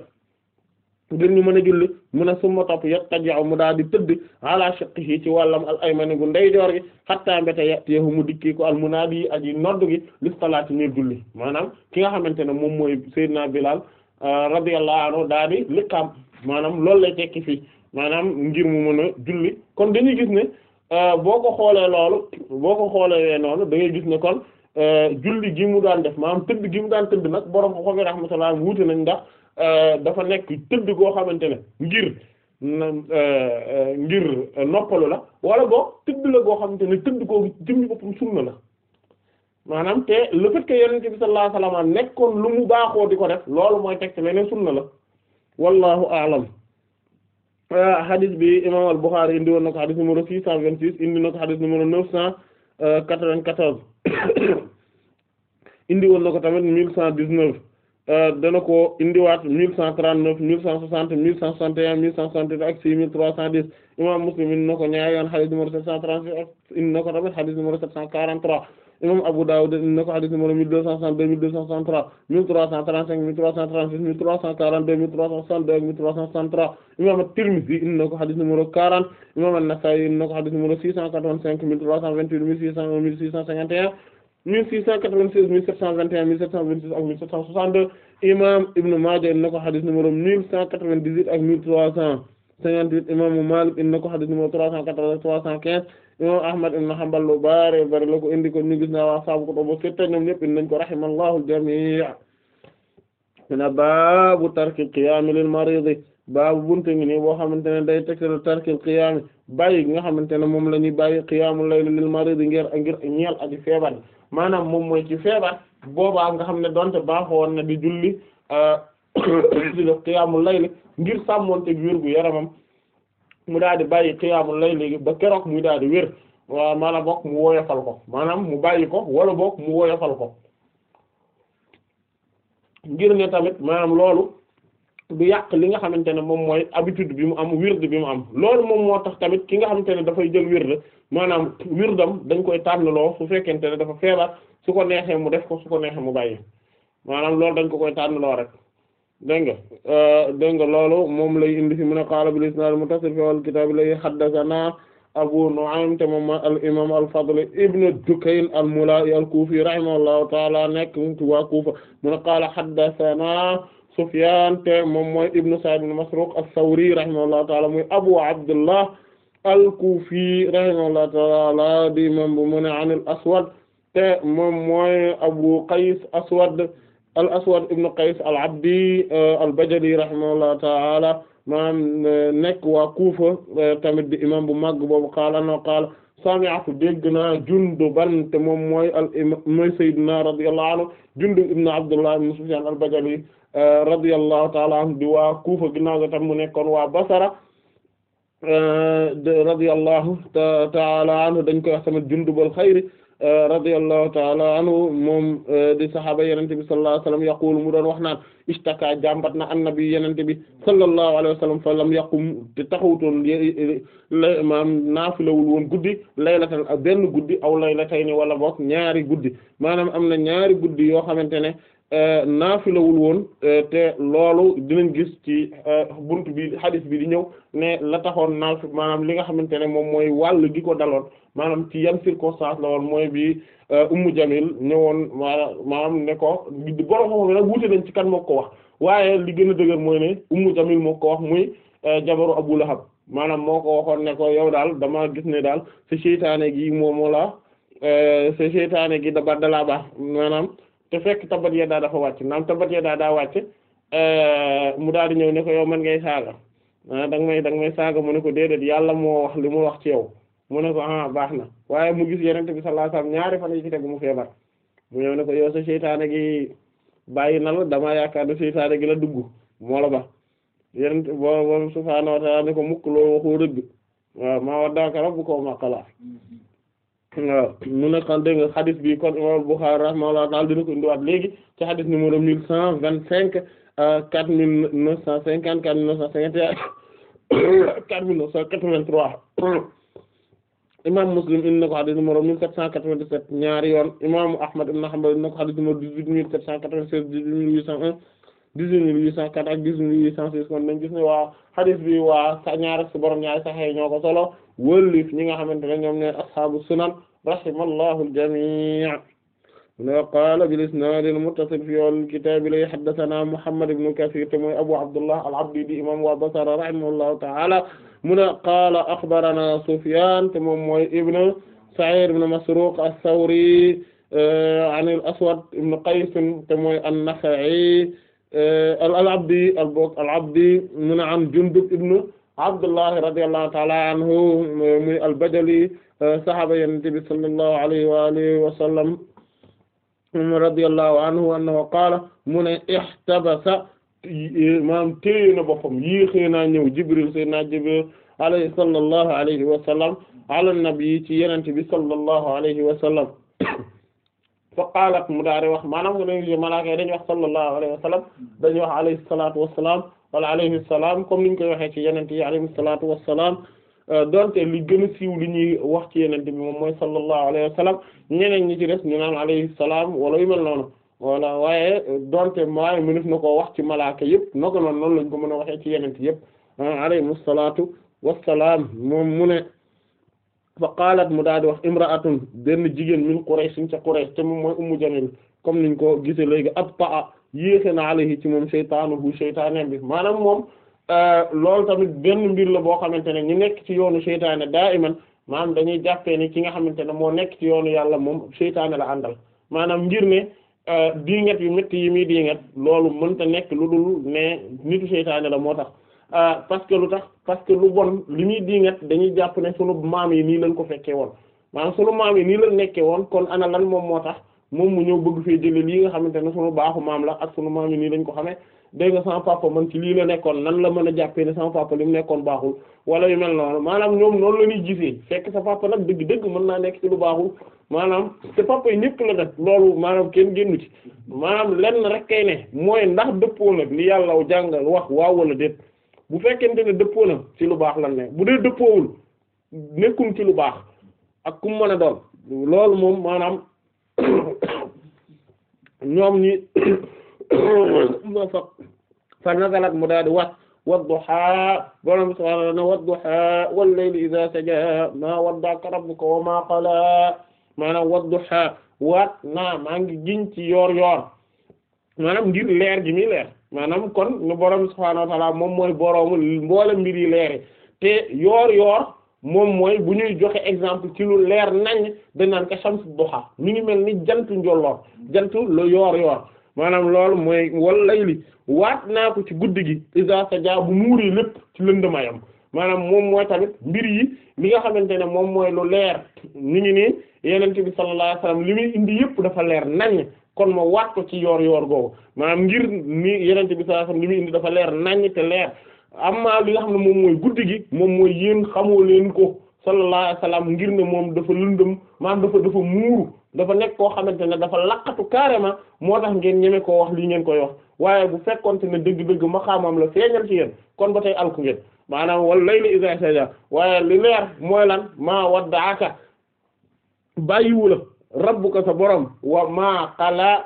ngir ñu mën a julli mun a summa topp yattaji'u mu daal di tëdd ala shaqqihi ci wàllam al aymani gu ndeyjoor gi hatta mbete yatihu mu dikki ko al munaadi aji noddu gi li salaati ñu julli maanaam ki nga xamante ne moom mooy Seydina Bilal euh, radiyallahu anhu daal di liqaam maanaam loolu lay tekki fii maanaam ngir mu mun a julli kon dañuy gis ne euh, boo ko xoolee loolu boo ko xoolee noonu da ngay gis ne kon euh, julli gi mu daan def maanaam tëdd gi mu daan tëdd nag borom ko xobi rahmatullah wuute nañ ndax. Euh, dafa nekk tëdd goo xamante ne ngir euh, euh, ngir noppalu la wala boo tëdd la goo xamante ne tëdd goo jëmmi boppam sunna la maanaam te le fait que yonent bi sallallahu alayhi wasallam nekkoon lu mu baaxoo di ko def loolu mooy teg leneen sunna la wallahu a'lam hadith bi imam al-Bukhari indi woon na ko hadith numéro six cent vingt six indi na ko hadith numéro neuf cent quatre-vingt-quatorze indi woon na ko tamit mille cent dix-neuf Euh, dana ko indiwaat mille cent trente-neuf mille cent soixante mille cent un mille cent soixante-deux ak trois cent dix imam Muslim in na ko ñaari yoon sept cent trente-six ak in na ko sept cent quarante-trois imam Abu Dawud in na ko hadith deux cent deux mille deux cent trois mille trois cent trente-cinq mille trois cent trente-six mille trois cent trois imam At-Tirmidhi in na ko quarante imam An-Nasa'i in na ko six 1696 1721 1726 ak 1762 imam Ibn Maaja in na ko xadis numéro 1198 ak 1358 imaamu Maalik in na ko xadis numéro 380 315 imam Ahmad ibn Hanbal lu bare bare la ko indi ko ñu gis naa waa saabu ko tobo setta ñoom ñëpp in nañ ko rahimallahu al-jamii' mina baabu tarki qiyaami na mariidi baabu bunte ngi nii boo xamante ne day tegtal tarki qiyaami bàyyi nga xamante ne moom la ñuy bàyyi qiyaamu layli lil mariidi ngir ngir ñeel aji feebar maanaam moom mooy ci feebar boobaa nga xam ne donte baaxoo woon na di julli euh, di def xiyaamul layli ngir sàmmoonteeg wér gu yaramam mu daal di bàyyi xiyaamul lay léegi ba keroog muy daal di wér waaw maanaam boog mu woyofal ko maanaam mu bàyyi ko wala boog mu woyofal ko ngir ne tamit maanaam loolu du yàq li nga xamante ne moom mooy habitude bi mu am wird bi mu am loolu moom moo tax tamit ki nga xamante ne dafay jël wird maanaam wirdam dañ koy tànnaloo su fekkente ne dafa feebar su ko neexee mu def ko su ko neexee mu bàyyi maanaam loolu dañ ko koy tànnaloo rek dégg nga euh, dégg nga loolu moom lay indi fi mu ne qaala bil isnaad muttasil fil kitaab lay haddasanaa Abu Nu'aym te moom al imaam al Fadl ibn Dukayn al Mulaa'i al Kuufi rahimahullahu ta'aala nekk waa Kuufa mu ne qaala haddasanaa Sufyaan te moom mooy ibnu Sa'id ibn Masruq as-Sawri rahimahullahu ta'ala muy Abu Abdullah al-Kufi rahimahullahu ta'ala di imam bu mu ne an al-Aswad te moom mooy Abu Qays Aswad al-Aswad ibn Qays al-Abdi euh, al-Bajali rahimahullahu ta'ala maanaam euh, nekk waa Kufa euh, tamit di imam bu mag boobu qaala annahu qaala sami'tu dégg naa Junduban te moom mooy al-imam mooy Sayyidina radiyallahu anhu Jundub ibn Abdullah ibn Sufyan al-Bajali Euh, radiyallahu taala anhu di waa Kufa ginnaaw ga tam mu nekkoon waa Basra euh, radiyallahu taala anhu dañ koy wax tamit Jundubul xayri euh, radiyallahu taala anhu moom di saxaaba yonent bi sallallahu alayhi wa sallam yaqulu mu doon wax naan istaka jàmbat na annabi yonent bi sallallahu alayhi wa sallam fa lam yaqum te taxawutoon maanaam naafilawul woon guddi laylatan benn guddi aw laylatayni wala boog ñaari guddi maanaam am na ñaari guddi yoo xamante ne Euh, naafilawul woon euh, te loolu dinañ gis ci euh, bunt bi hadith bi di ñëw ne la taxoon naafi maanaam li nga xamante ne moom mooy wàll gi ko daloon maanaam ci yan circonstance la woon mooy bi ummu jamil ñëwoon maanaam ne ko borom a bi nag ci kan moo ko wax waaye li gën a dëgër mooy ne ummu jamil moo ko wax muy jabaru abu lahab maanaam moo ko waxoon ne ko yow daal dama gis ne daal si sa seytaane gi moomoo la sa seytaane gi daba dalaa baax maanaam te fekk tabbat yadaa dafa wàcc naam tabbat yadaa daa wàcc euh, mu daal di ñëw ne ko yow man ngay saaga ah, da nga may da may saaga mu ne ko déedéet yàlla moo wax li mu wax ci yow mu ne ko ah baax na waaye mu gis yenente bi sallallahu alayhi wasallam ñaari fan yi ci tegu mu feebar mu ñëw ne ko yow sa seytaane gi bàyyi na la damaa yaakaar ne seytaane gi la dugg moo la ba yenente bo subhaanahu ne ko mukk loo waxoo rëgg waaw maa waddaaka rabbuka wa maa qala mm-hmm. waaw mu ne kon xadis bi kon imam Bukhari rahimahullahu ta'ala dina ko indiwaat léegi ci xadis numéro mille cent vingt cinq euh, quatre mille neuf cent cinquante quatre mille neuf cent quatre vingt trois imam Muslim indi ko xadis numéro mille quatre-vingt-sept ñaari yoon imam ko xadis numéro dix-huit mille quatre-vingt-seize dix-huit mille huit cent un dix-huit mille huit cent quatre ak dix-huit mille huit cent six kon dañ gis ne waa xadis bi waa sa ñaari ko solo wëlif ñi nga xamante ne ñoom ne ashabu sunan rahimallahu al-jami' wa qaala bil isnaad al-muttasil fi al-kitaab li haddathana Muhammad ibn Kasiir te mooy Abu Abdullah al-Abdi di imam wa Basra rahimahullahu ta'ala mu ne qaala akhbarana Sufyaan te moom mooy ibn Sa'iid ibn Masruuq ath-Thawri eh, an al-Aswad ibn Qays te mooy an-Naxa'i eh, al-Abdi al-Abdi mu ne an Jundub ibn Abdullah radiyallahu ta'ala anhu muy al-Bajali saxaaba Yonent bi sallallahu alayhi wa alihi wa sallam radiyallahu anhu annahu qaala mu ne ihtabasa maanaam téye na boppam yéexee naa ñëw Jibril sayyidina Jibril alayhi sallallahu alayhi wa sallam ala nabi ci Yonent bi sallallahu alayhi wa sallam fa qaalat mu daal di wax maanaam nga dañuy malaaka yi dañuy wax sallallahu alayhi wa sallam dañuy wax alayhi salaatu wa salaam wala alayhi salaam comme ni ñu koy waxee ci yenente yi alayhi salaatu wassalaam euh, donte li gën a siiw ñuy wax ci yenente bi moom mooy sallallahu alayhi wa sallam ci des ñu naan alayhi salaam wala yu waaye euh, donte waaye mënef na koo wax ci malaaka yëpp naka noonu noonu lañ ko mën a waxee ci yenente yëpp ah, alayhi salaatu wassalaam moom mu ne fa qaalat mu daal di wax imra'atun benn jigéen min Quraysh ci Quraysh te moom mooy Ummu Jamil comme ko gisee léegi ab paa yéexe na alayhi ci moom seytaanu bu seytaanee bi maanaam moom euh, loolu tamit benn mbir la boo xamante ne ñu nekk ci yoonu seytaane daa iman maanaam dañuy jàppee ni ki nga xamante ne moo nekk ci yoonu yàlla moom seytaane la àndal maanaam ngir ne euh, diingat yu métti yi muy diingat loolu mënta nekk lu dul ne nitu seytaane la moo tax euh, parce que lu tax parce que lu bon li muy diingat dañuy jàpp ne sunu maam yi nii lañ ko fekkee woon maanaam nekkee woon kon ana lan moom moo tax moom mu ñëw bëgg fee jëlee lii nga xamante ne sunu baaxu maam la ak sunu maam yi lañ ko xamee dégg nga sama papa man ci lii la nekkoon nan la mën a jàppee ne sama papa li mu nekkoon baaxul wala yu mel noonu maanaam ñoom noonu la ñuy gisee fekk sa papa nag dëgg-dëgg mën naa nekk ci lu baaxul maanaam te papa yi ñëpp la nag loolu maanaam kenn génnu ci maanaam lenn rek kay ne mooy ndax dëppoo nag li yàlla jàngal wax waaw wala déet bu fekkente ne dëppoo na ci lu baax lan ne bu dee dëppoowul nekkum ci lu baax ak ku mën a doon ñoom ni fa fa mu daal di wàcc wadduha borom subhaanahu wa ta'aala wadduha wal layli idhaa sajaa maa wadda'aka rabbuka wa maa qalaa maanaam wadduha waat naa maa ngi giñ ci yoor yoor maanaam ngir leer gi mi leer maanaam kon nu borom subhaanahu wa ta'aala moom mooy boroomu mboolem leere te yoor yoor moom mooy bu ñuy joxee exemple ci lu leer nañ danaan ka shams duha mi ngi mel ni jantu njolloor jant lu yoor yoor maanaam lool mooy wal layli waat naa ko ci guddi gi isa sa ja bu muuree lépp ci lëndëmayam maanaam moom mooy tamit mbir yi li nga xamante ne moom mooy lu leer ñu ngi nii yenente bi sallallahu alayhi wasallam li muy indi yëpp dafa leer naññ kon moo waat ko ci yoor yoor googu maanaam ngir ni yenente bi sallallahu alayhi wasallam li muy indi dafa leer naññ te leer amma li nga xam ne moom mooy guddi gi moom mooy yéen xamoo leen ko sallallahu alayhi wa ngir ne moom dafa lëndëm maanaam dafa dafa muuru dafa nekk koo xamante ne dafa laqatu carrément moo tax ngeen ñeme koo wax lii ngeen koy wax waaye bu fekkonte ne dëgg-dëgg maxaamam la feeñal ci yéen kon ba tey alku ngeen maanaam wal layli iza saja waaye li leer mooy lan maa waddaaka bàyyiwu la rabbuka sa borom wa maa xalaa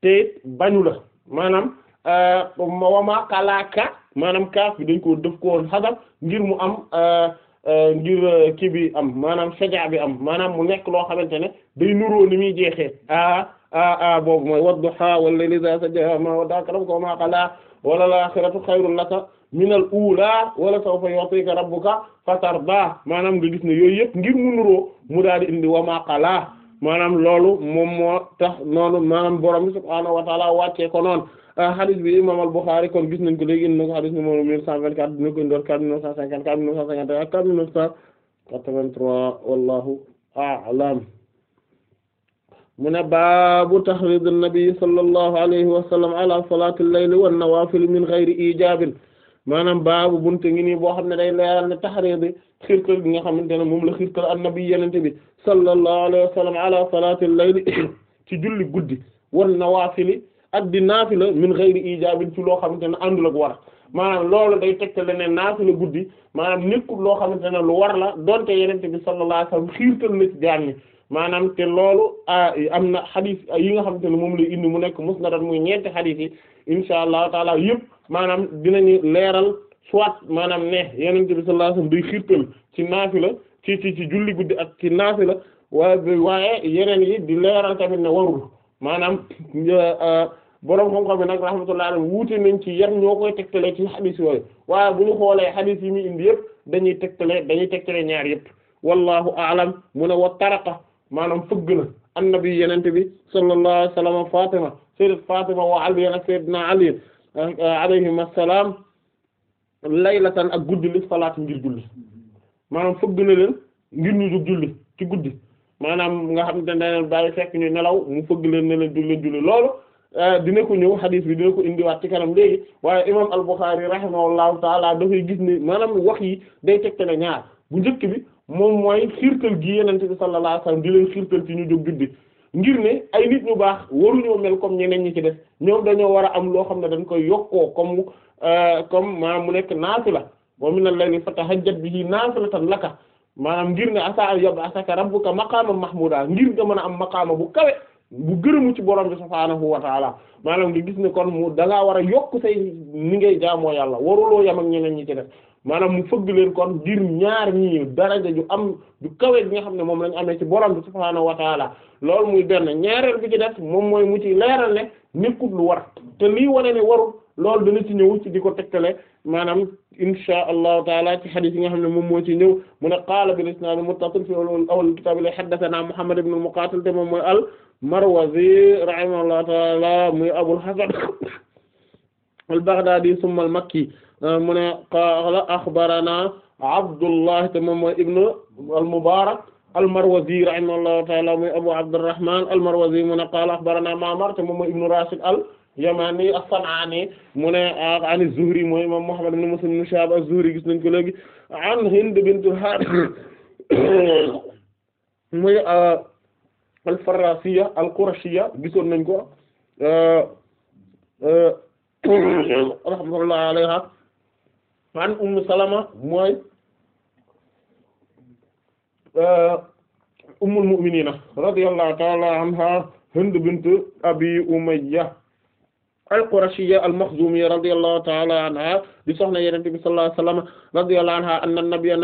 te bañu la maanaam euh, wa maa maanaam kaaf bi dañ ko def ko woon ngir mu am euh, euh, ngir euh, kii bi am maanaam sajaa bi am maanaam mu nekk loo xamante ne day nuroo ni muy jeexee a boobu mooy wadduha wal layli iza sajaa ma wadda'aka rabbuka wa ma qala wala laaxiratu xayrun laka minal uulaa wala maanaam nga gis ne yooyu yëpp ngir mu nuroo mu daal di indi wa ma qala maanaam loolu moom moo tax noonu maanaam borom bi subhaanahu wàccee ko noonu hadith ah, bi imam al-Bukhari kon gis nañ ko léegi indi na ko hadith numéro mille cent vingt-quatre dina ko indiwaat quatre mille neuf cent cinquante quatre mille neuf cent cinquante ak quatre mille neuf cent quatre-vingt-trois wallahu a'lam mu ne baabu tahrid an-nabi sallallahu alayhi wa sallam ala salati al-layl wan nawafil min ghayri ijabin maanaam baabu bunte ngi nii boo xam ne day leeral ne tahrid xirtal bi nga xamante ne moom la xirtal an-nabi yenente bi sallallahu alayhi wa sallam ala salati al-layl ci julli guddi wan nawafil ak di naafila min ghayri ijaabin ci loo xamante ne àndul ak war maanaam loolu day tegtale ne naafila guddi maanaam nekkul loo xamante ne lu war la donte yenente bi sallallahu alayhi wasallam xiirtal na ci jaam ñi maanaam te loolu ah, am na yi nga xamante ne moom la indi mu nekk musnad muy ñeenti xadis yi insha allahu taala yëpp maanaam dinañu leeral soit maanaam ne yenente bi sallallahu alayhi wasallam day xiirtal ci naafila ci ci ci julli guddi ak ci naafila waaye waaye yeneen yi di leeral tamit ne warul maanaam ah, boroom xam-xam yi nag rahmatullahi alayhi wuute nañ ci yan ñoo koy tegtale ci xadis yooyu waaye bu ñu xoolee xadis yi muy indi yëpp dañuy tegtale dañuy tegtale ñaar yëpp wallahu aalam a ne wa taraqa maanaam fëgg na annabi yenente bi sallallahu alayhi wa sallam fatima sayyidat fatima wa ali ak sayyidina ali eh, alayhim assalaam laylatan ak guddi li salaat ngir julli maanaam fëgg na leen ngir ñu julli ci guddi maanaam nga xam ne dañ leen bàyyi fekk ñu nelaw mu fëgg leen ne leen julli Euh, dina ko ñëw xadis bi dina ko indiwaat ci kanam léegi waaye imam al-Bukhari rahimahullahu taala dafay gis ne maanaam wax yi day tegtale ñaar bu njëkk bi moom mooy xiirtal gi yenente bi sallallahu alayhi wasallam ñu jóg ngir ne ay nit baax waruñoo mel comme ñeneen ñi ci def dañoo war a am loo xam ne dañ koy yokkoo comme euh, comme maanaam mu nekk naafila wa mina al-layli fatahajjat bihi naafilatan laka maanaam ngir ne asa an yab'asaka rabbuka maqaama mahmuuda ngir nga mën a am maqaama bu kawe bu gërëmu ci borom bi subhaanahu wa taala maanaam nga gis ne kon mu da ngaa war a yokk say ni ngay jaamoo yàlla waruloo yam ak ñeneen ñi ci def maanaam mu fëgg leen kon ngir ñaar ñii daraja ju am du kawe bi nga xam ne moom lañ amee ci borom bi subhaanahu wa taala loolu muy benn ñaareel bi ci def moom mooy mu ci leeral ne nekkut lu war te lii wane ne warul loolu dana ci ñëw ci di ko tekkale maanaam insha allahu taala ci xadis yi nga xam ne moom moo ci ñëw mu ne qaala bil isnaad muttasil fi awwal kitaab li haddathana Muhammad ibn al-Muqaatil te moom mooy al marwazi rahimahullahu taala muy abul hasan al-baghdadi summa al-makki mu ne qaala akhbarana abdullah te moom mooy ibnu al-mubarak al-marwazi rahimahullahu taala muy abu abdurrahman al-marwazi mu ne qaala akhbarana ma'mar te moom mooy ibnu rashid al yamani as-san'ani mu ne an az-zuhri mooy imam muhammad ibn muslim ibn shihab az-zuhri gis nañ ko léegi an hind bint al-harith muy al-Farrasiya al-Qurashiya gisoon nañ ko euh, euh, rahmatullahi alayha an Umm Salama mooy euh, ummul mu'minina radiyallahu ta'ala anha Hind bint Abi Umayya al-Qurashiyya al-Makhzumiyya radiyallahu ta'ala anha di soxna Yonent bi sallallahu alayhi wa sallam radiyallahu anha anna nabiyya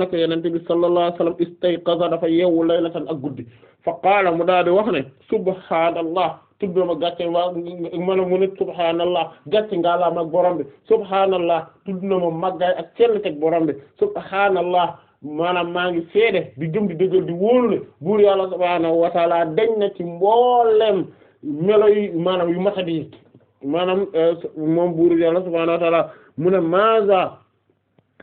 naka Yonent bi sallallahu alayhi wa sallam istayqaza dafa yeewu ak guddi fa qaala mu daal di wax ne subhaanallah tuddu ma gàcce waa mana mu ne subhaanallah gàcce ngaalaam ak borom bi subhaanallah tuddu na ma màggaay ak sell teg borom bi subhaanallah maanaam maa ngi seede di gëm di dëggal di wóolu ne buur yàlla subhaanahu wa ta'ala dañ na ci mboolem melo yi maanaam yu matadi maanaam euh, moom buur yàlla subhaanahu wa mu ne maaza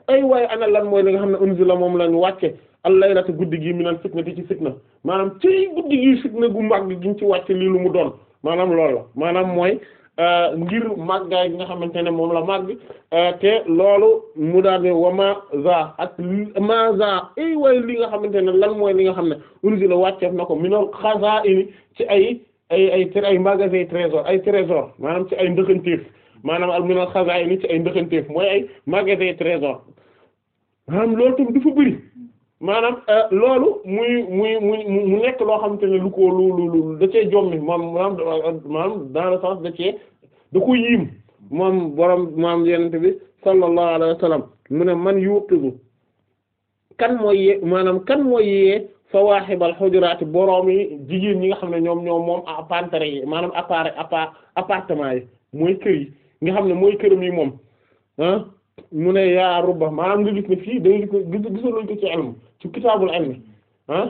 ay waaye ana lan mooy li nga xam ne unzila moom la lañ wàcce al-laylata guddi gi minal fitnati ci fitna maanaam ci guddi gi fitna gu màgg giñ ci wàcce lii lu mu doon maanaam loolu maanaam mooy euh, ngir màggaay gi nga xamante ne moom la màgg euh, te loolu mu daal ne wa maaza ak maaza ay waaye li nga xamante ne lan mooy li nga xam ne unzila wàcceef na ko minal xazaa'ini ci ay ay ay ay magasin trésor ay trésor maanaam ci ay ndëxanteef maanaam al minal xazaa'in ci ay ndëxanteef mooy ay magasin trésor maanaam loolu tam dafa bëri maanaam euh, loolu muy muy mu nekk loo xamante ne lu ko lu lu lu da cee jommi maanaam maanaam dans le sens da cee da ko yiim moom borom maam yenente bi sallallahu alayhi wa mu ne man yuqizu kan mooy yee maanaam kan mooy yee sawaaxibal xujuraati boroom yi jigéen ñi nga xam ne ñoom ñoom moom appartement yi maanaam appare appa appartement yi mooy kër yi nga xam ne mooy këram yi moom ah mu ne yaa rubba maanaam nga gis ne fii da nga gis ne ko ci ilm ci kitaabul ilmi ah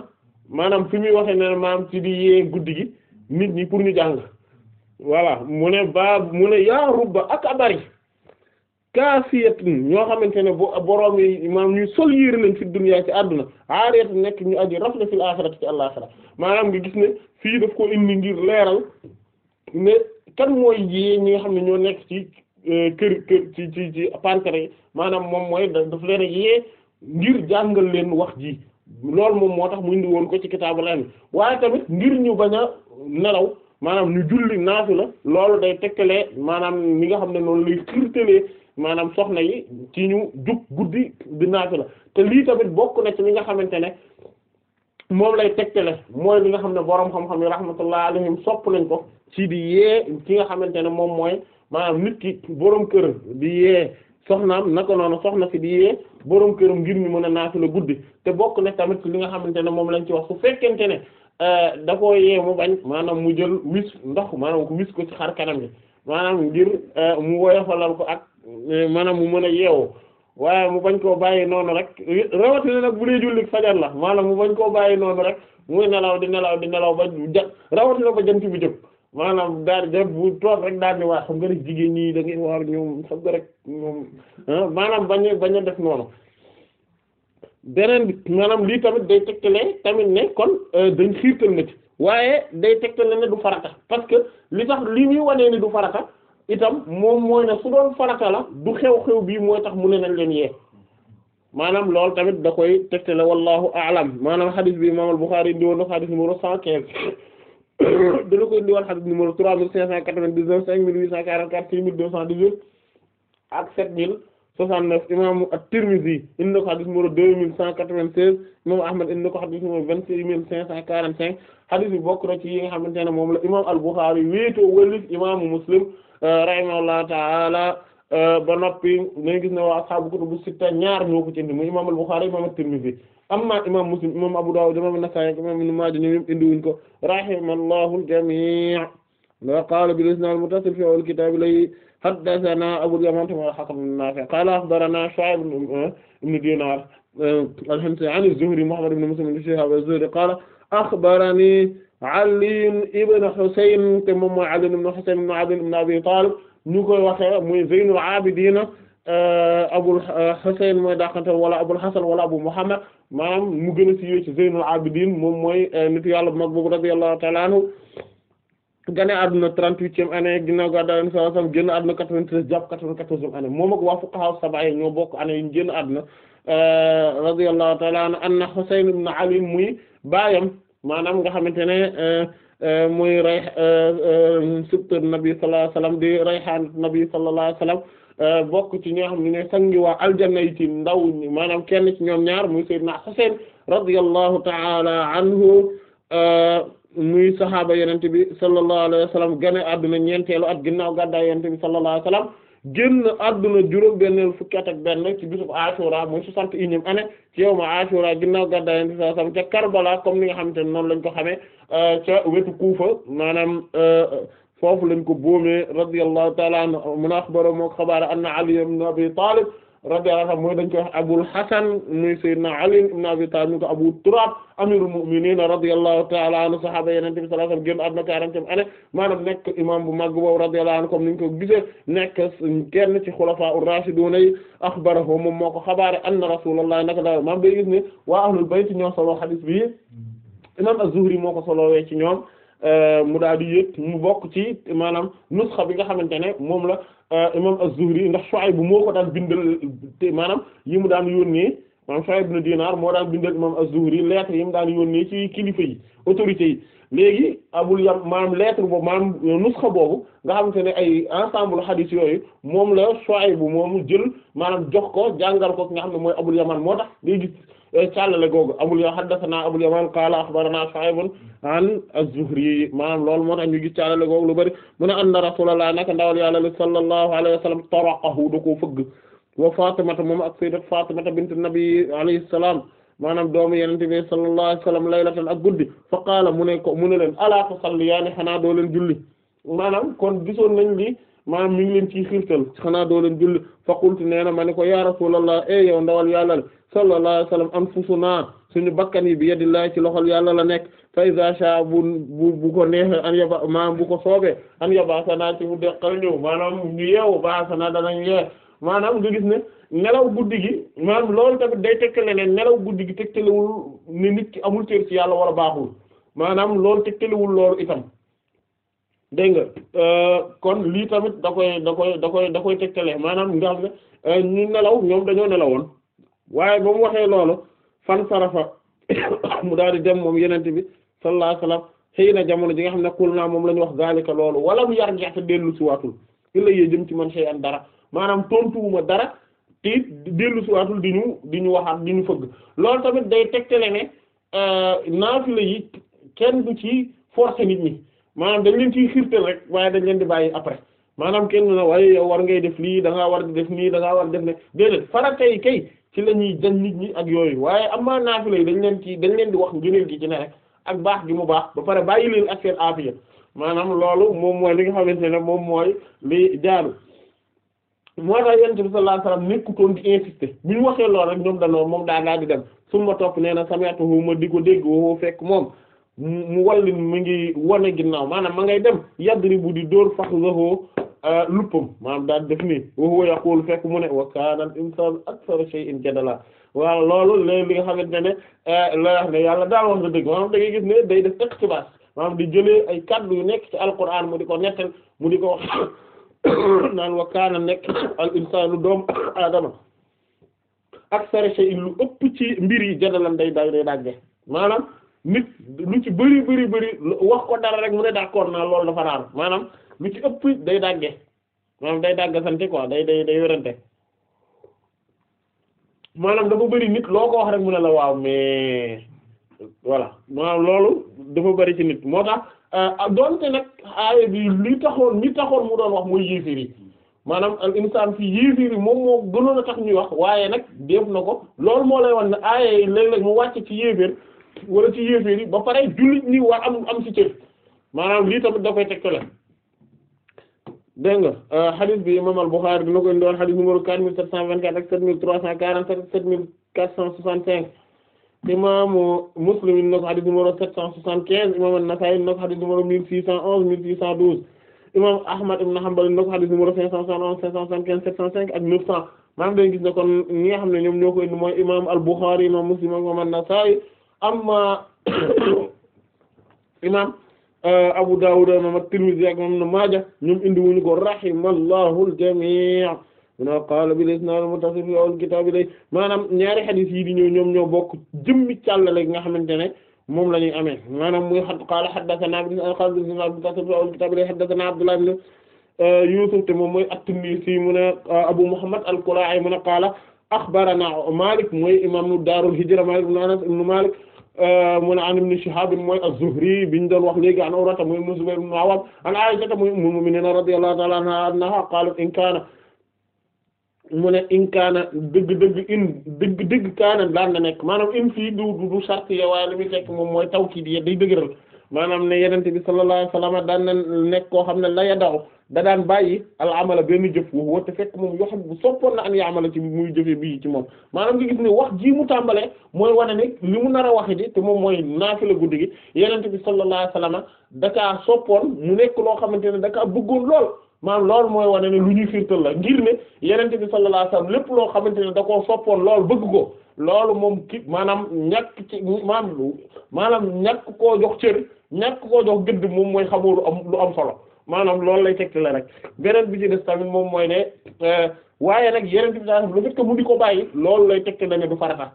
maanaam fi muy waxee ne maanaam ci di yee guddi gi nit ñi pour ñu jàng voilà mu ne ba mu ne yaa rubba ak a kaasiyatun ñoo xamante ne borom yi maanaam ñuy sol yére lañ fi dunya ci àdduna aariyat nekk ñu aji rafle fil axirati ci àllaxira maanaam nga gis ne fii daf ko indi ngir leeral ne kan yee ñi nga xam ne ñoo nekk ci euh, kër kër ci ci ci pancré yi maanaam moom mooy daf leen yee ngir jàngal leen wax ji loolu moom moo tax mu indi woon ko ci kitaabu leen waaye tamit ngir ñu bañ a nelaw maanaam ñu julli la loolu day tegtalee maanaam ñi nga xam ne noonu lay xirtalee maanaam soxna yi ci ñu jug guddi di naafi la te lii tamit bokk na ci li nga xamante ne moom lay tegtale mooy li nga xam ne boroom xam-xam yi rahmatullah alayhim sopp lañ ko ci di ki nga xamante ne moom mooy maanaam nit ki boroom kër di yee soxnaam naka noonu soxna si di yee boroom këram ngir ñu mën a naafi la guddi te bokk na tamit li nga xamante ne moom lañ ci wax su fekkente ne euh, da koo yee mu bañ maanaam mu jël wis ndox maanaam ko wis ko ci xar kanam bi maanaam ngir euh, mu woyofalal ko ak maanaam mu mën a yeewu waaye mu bañ koo bàyyi noonu rek rawatina nag bu dee julli fajar la maanaam mu bañ koo bàyyi noonu rek muy nelaw di nelaw di nelaw ba ja rawatina ba jant bi jóg maanaam daal di bu toog rek daal di waa xam nga rek jigéen ñi da ngay war ñoom xam nga rek ñoom ah, maanaam bañ bañ a def noonu beneen bi maanaam lii tamit day tegtale tamit ne kon euh, dañ xiirtal na ci waaye day tegtale ne du farata parce que li tax li muy wanee ni du farata itam moom mooy ne su doon farata la du xew-xew bii mooy tax mu ne nañ leen yee maanaam lool tamit da koy tegtale wallahu a'lam maanaam hadith bi imam al-Bukhari indi woon na hadith numéro cent quinze dina ko indi woon hadith numéro trois mille cinq cent quatre-vingt-dix-neuf cinq mille huit ak sept mille soixante na ko hadith numéro deux mille cent quatre-vingt-seize imam Ahmad indi na cinq cent quarante bokk na ci yi nga xamante ne moom la imam al-Bukhari wéetoo Muslim Euh, rahimahullahu ta'ala euh, ba noppi nañ gis ne waa ashaabu kutubu sitta ñaar ñoo ko ci indi mu imam al-Bukhari imam at-Tirmidhi amma imam Muslim imam Abu Dawud imam an-Nasa'i imam Ibn Majah ñoom indi wuñ ko rahimallahu al-jami' wa qala bil isnad al-muttasil fi awwal kitab li haddathana Abu al-Yaman al-Hakam an-Nafi' qala akhbarana Shu'ayb ibn uh, Dinar uh, al-Hamsi 'an az-Zuhri Muhammad ibn Muslim ibn Shihab az-Zuhri qala akhbarani Ali ibn Husayn te moom mooy Ali ibn Husayn ibn Abi Talib ñu koy waxee muy Zaynul Abidin euh, Abul Husayn mooy dàqante wala Abul Hasan wala Abu Muhammad maanaam mu gën a siiwee ci Zaynul Abidin moom mooy euh, nitu yàlla bu mag boobu radiyallahu ta'ala anhu gane àdduna trente-huitième année ginnaaw ga daal sallallahu alayhi wasallam génn quatre vingt quatre-vingt-quatorzième moom ak waa fuqaha sab'a yi ñoo bokk année yi ñu génn àdduna euh, radiyallahu ta'ala anhu anna ibn Ali muy baayam maanaam nga xamante ne euh, euh, muy ray euh, subta nabi sallallahu alayhi wasallam di rayhan nabi sallallahu alayhi wasallam bokk ci ñoo xam ne ne sangi waa aljanna yi ci ndaw maanaam kenn ci ñoom ñaar muy sayyidina Husayn radiyallahu ta'ala anhu muy saxaaba yonent bi sallallahu alayhi wasallam gane adduna ñeenteelu at ginnaaw gàddaay yonent bi sallallahu alayhi génn adduna juróom benn fukki at ak benn ci bisub Ashura mooy soixante et unième année ci yow Ashura ginnaaw gàddaay Yonent bi sallallahu alayhi wasallam ca Karbala comme ni nga xamante ne noonu lañ ko xamee euh, ca wetu Kufa maanaam euh, foofu lañ ko boomee radiyallahu ta'ala anhu mun axbara moo xabaara anna Ali ibn Abi Talib radiyallahu anhu mooy dañ koy wax Abul Hasan muy Sayyidina Ali ibn Abi Talib ñu ko Abu Turab amirul mu'minin radiyallahu ta'ala anhu sahaaba Yonent bi sallallahu alayhi wasallam génn àdduna quarantième année maanaam nekk imam bu mag boobu radiyallahu anhu comme niñ ko gisee nekk kenn ci xulafa'ur rashidun yi axbarahu moom moo ko xabaare anna rasulullah naka da maam day gis ne waa ahlul bayt ñoo solo hadith bi imam az-Zuhri moo ko solowee ci ñoom euh, mu daal di mu bokk ci maanaam nusxa bi nga xamante ne moom la Euh, imam az-Zuhri ndax Shuayb moo ko daan bindal te maanaam yi mu daan yónnee maanaam Shuayb ibn Dinar moo daan bindal imam az-Zuhri lettre yi mu daan yónnee ci kilifa yi autorités yi léegi abul yam maanaam lettre boobu maanaam nusxa boobu nga xamante ne ay ensemble hadith yooyu moom la Shuayb moomu jël maanaam jox ko jàngal ko ki nga xam ne mooy abul yaman moo tax léegi. Eh, càllale googu abul ya haddathana abul yaman qaala akhbarana shu'aybun an az-zuhri maanaam loolu moo tax ñu gis bari mu ne anna rasulullah naka ndawal yàlla li sallallahu alayhi wa sallam taraqahu da koo fëgg wa fatimata moom ak sayyidat fatimata bint nabi alayhi salaam maanaam doomu yonent bi sallallahu alayhi wa sallam laylatan ak guddi fa qaala mu ne ko mu ne leen ala tusalliyaani xanaa doo leen julli maanaam kon gisoon nañ maanaam mi ngi leen ciy xiirtal xanaa doo leen julli fa qultu nee ko ya rasulallah e eh yow ndawal yàlla la sallallahu alayhi wa sallam anfusuna suñu bakkan yi bi yadillahi ci loxol yàlla la nekk fa iza bu bu bu ko an yaba maanaam bu ko soobee an yaba sana ci bu deqal ñëw maanaam ñu yeewu ba sana danañ yee maanaam nga gis ne nelaw guddi gi maanaam loolu tamit day tegtale ne nelaw guddi gi tegtalewul ne nit ki amul cër ci yàlla war a baaxul maanaam lool tegtalewul loolu itam dégg nga euh, kon lii tamit da koy da koy da koy da koy maanaam nga xam ne euh, ñu nelaw ñoom dañoo nelawoon waaye ba mu waxee loolu fan sarafa mu daal di dem moom yenente bi sallallahu alayhi wasallam xëy na jamono ji nga xam ne kul naa moom lañu ñu wax zalika loolu wala mu yar gerte dellu si waatul illa yee jëm ci man xëy an dara maanaam tontuwuma dara te dellu si waatul di ñu di ñu waxaat di ñu fëgg loolu tamit day tegtale ne euh, naafila yi kenn du ci forcer nit ñi maanaam dañ leen ciy xiirtal rek waaye dañ leen di bàyyi après maanaam kenn na waaye war ngay def lii da war di def nii da ngaa war def ne déedéet farata yi kay ci la ñuy dañ nit ñi ak yooyu waaye amaa naafila yi dañ leen ci dañ leen di wax ngëneel gi ci ak baax gi mu baax ba pare bàyyi leen ak seen aafiya maanaam loolu moom mooy li nga xamante ne moom mooy li jaaru moo tax yonent bi sallallahu alayhi wasallam nekkutoon di insister bu ñu waxee lool rek ñoom danoo moom daa daa di dem su ma topp nee na sami'tuhu ma di ko dégg woo mu wallin mu ngi wane ginnaaw maanaam ma ngay dem yadribu di dóor fax lahoo euh, luppam maanaam daal def nii wa huwa yaqulu fekk mu ne wa kana al insanu akthara shay'in jadala waaw loolu léegi li nga xamante ne euh, la wax ne yàlla daal wax na dëgg maanaam da ngay gis ne day def iqtibas maanaam di jëlee ay kaddu yu nekk ci alquran mu di ko nettal mu di ko wax naan wa kaana nekk al insanu doomu aadama akthara shay'in lu ëpp ci mbir yi jadalan day day day dàgge maanaam nit lu ci bëri bëri bëri wax ko dara rek mu ne d'accord naa loolu dafa raar maanaam lu ci ëpp day dàgge maanaam day dàgga sante quoi day day day werante maanaam dafa bëri nit loo ko wax rek mu ne la waaw mais voilà maanaam loolu dafa bari ci nit moo tax euh, doonte nag aaya bi li taxoon li taxoon mu doon wax mooy yéeféer yi maanaam al insaan fi yéeféer yi moom moo gënoon a tax ñuy wax waaye nag def na ko loolu moo lay wan ne aaya yi léeg mu wàcc ci yéeféer wala ci yéeféer yi ba pare jullit ñi war am am ci cër maanaam lii tamit da koy tegtale dégg nga euh, hadith bi imam al-Bukhari dina ko indiwoon hadith numéro 4724 ak 7347 7465 imam Muslim dina ko hadith numéro 775 imam an-Nasa'i dina ko hadith numéro 1611 1612 imam Ahmad ibn Hanbal dina ko hadith numéro 571 575 705 ak 900 maanaam dañu gis ne kon ñi nga xam ne ñoom ñoo ko indi mooy imam al-Bukhari imam Muslim ak imam an amma imam euh, Abu Dawud imam At-Tirmidhi ak imam Ibn Maaja ñoom indi wuñu ko rahimallahu al-jamii' muna qaala bil isnaad al-muttasil fi awwal kitaab ilay maanaam ñaari xadis yi di ñëw ñoom ñoo bokk jëmmi càllale gi nga xamante ne moom la ñuy amee maanaam muy a qaala haddathanaa bi qaala bil isnaad al-muttasil fi awwal kitaab ilay euh, moom mooy at mu ne euh, Abu Muhammad qaala akhbaranaa Maalik mooy imaamu daarul hijra Maalik ibn Anas ibn Maalik Euh, mu ne an ibn Shihab mooy az-Zuhri biñ doon wax léegi an Urwata mooy ibn Zubayr ibn Awwam an Aisha mooy ummul mu'minin radiyallahu ta'ala anha qalat in kaana mu ne in kaana dëgg dëgg in dëgg dëgg kaana daan na nekk maanaam in fii du du du sart ya waaye li muy tekk moom mooy tawkiid ya day dëgëral maanaam ne yenente bi sallallahu alayhi wasallam daan na nekk koo xam ne la yadaw da daan bàyyi al amala benn jëf wax wate fekk moom yoo xam bu soppoon na an yaamala ci muy jëfe bii ci moom maanaam nga gis wax ji mu tàmbalee mooy wane ne li mu nar a waxe di te moom mooy naafila guddi gi yenente bi sallallahu alayhi wasallam dakaa soppoon mu nekk loo xamante ne dakaa bëggoon lool maanaam loolu mooy wane ne lu ñuy firtal la ngir ne yenente bi sallallahu alayhi wasallam lépp loo xamante ne da soppoon lool bëgg ko loolu moom ki maanaam ñàkk ci maanaam maanaam ñàkk koo jox cër ñàkk koo jox gëdd moom mooy xamoo lu am lu am solo maanaam loolu lay tegti la rek beneen bi ci des tamit moom mooy ne euh, waaye nag yeneen bi daal le fait que mu di ko bàyyi loolu lay tegti la ne du farata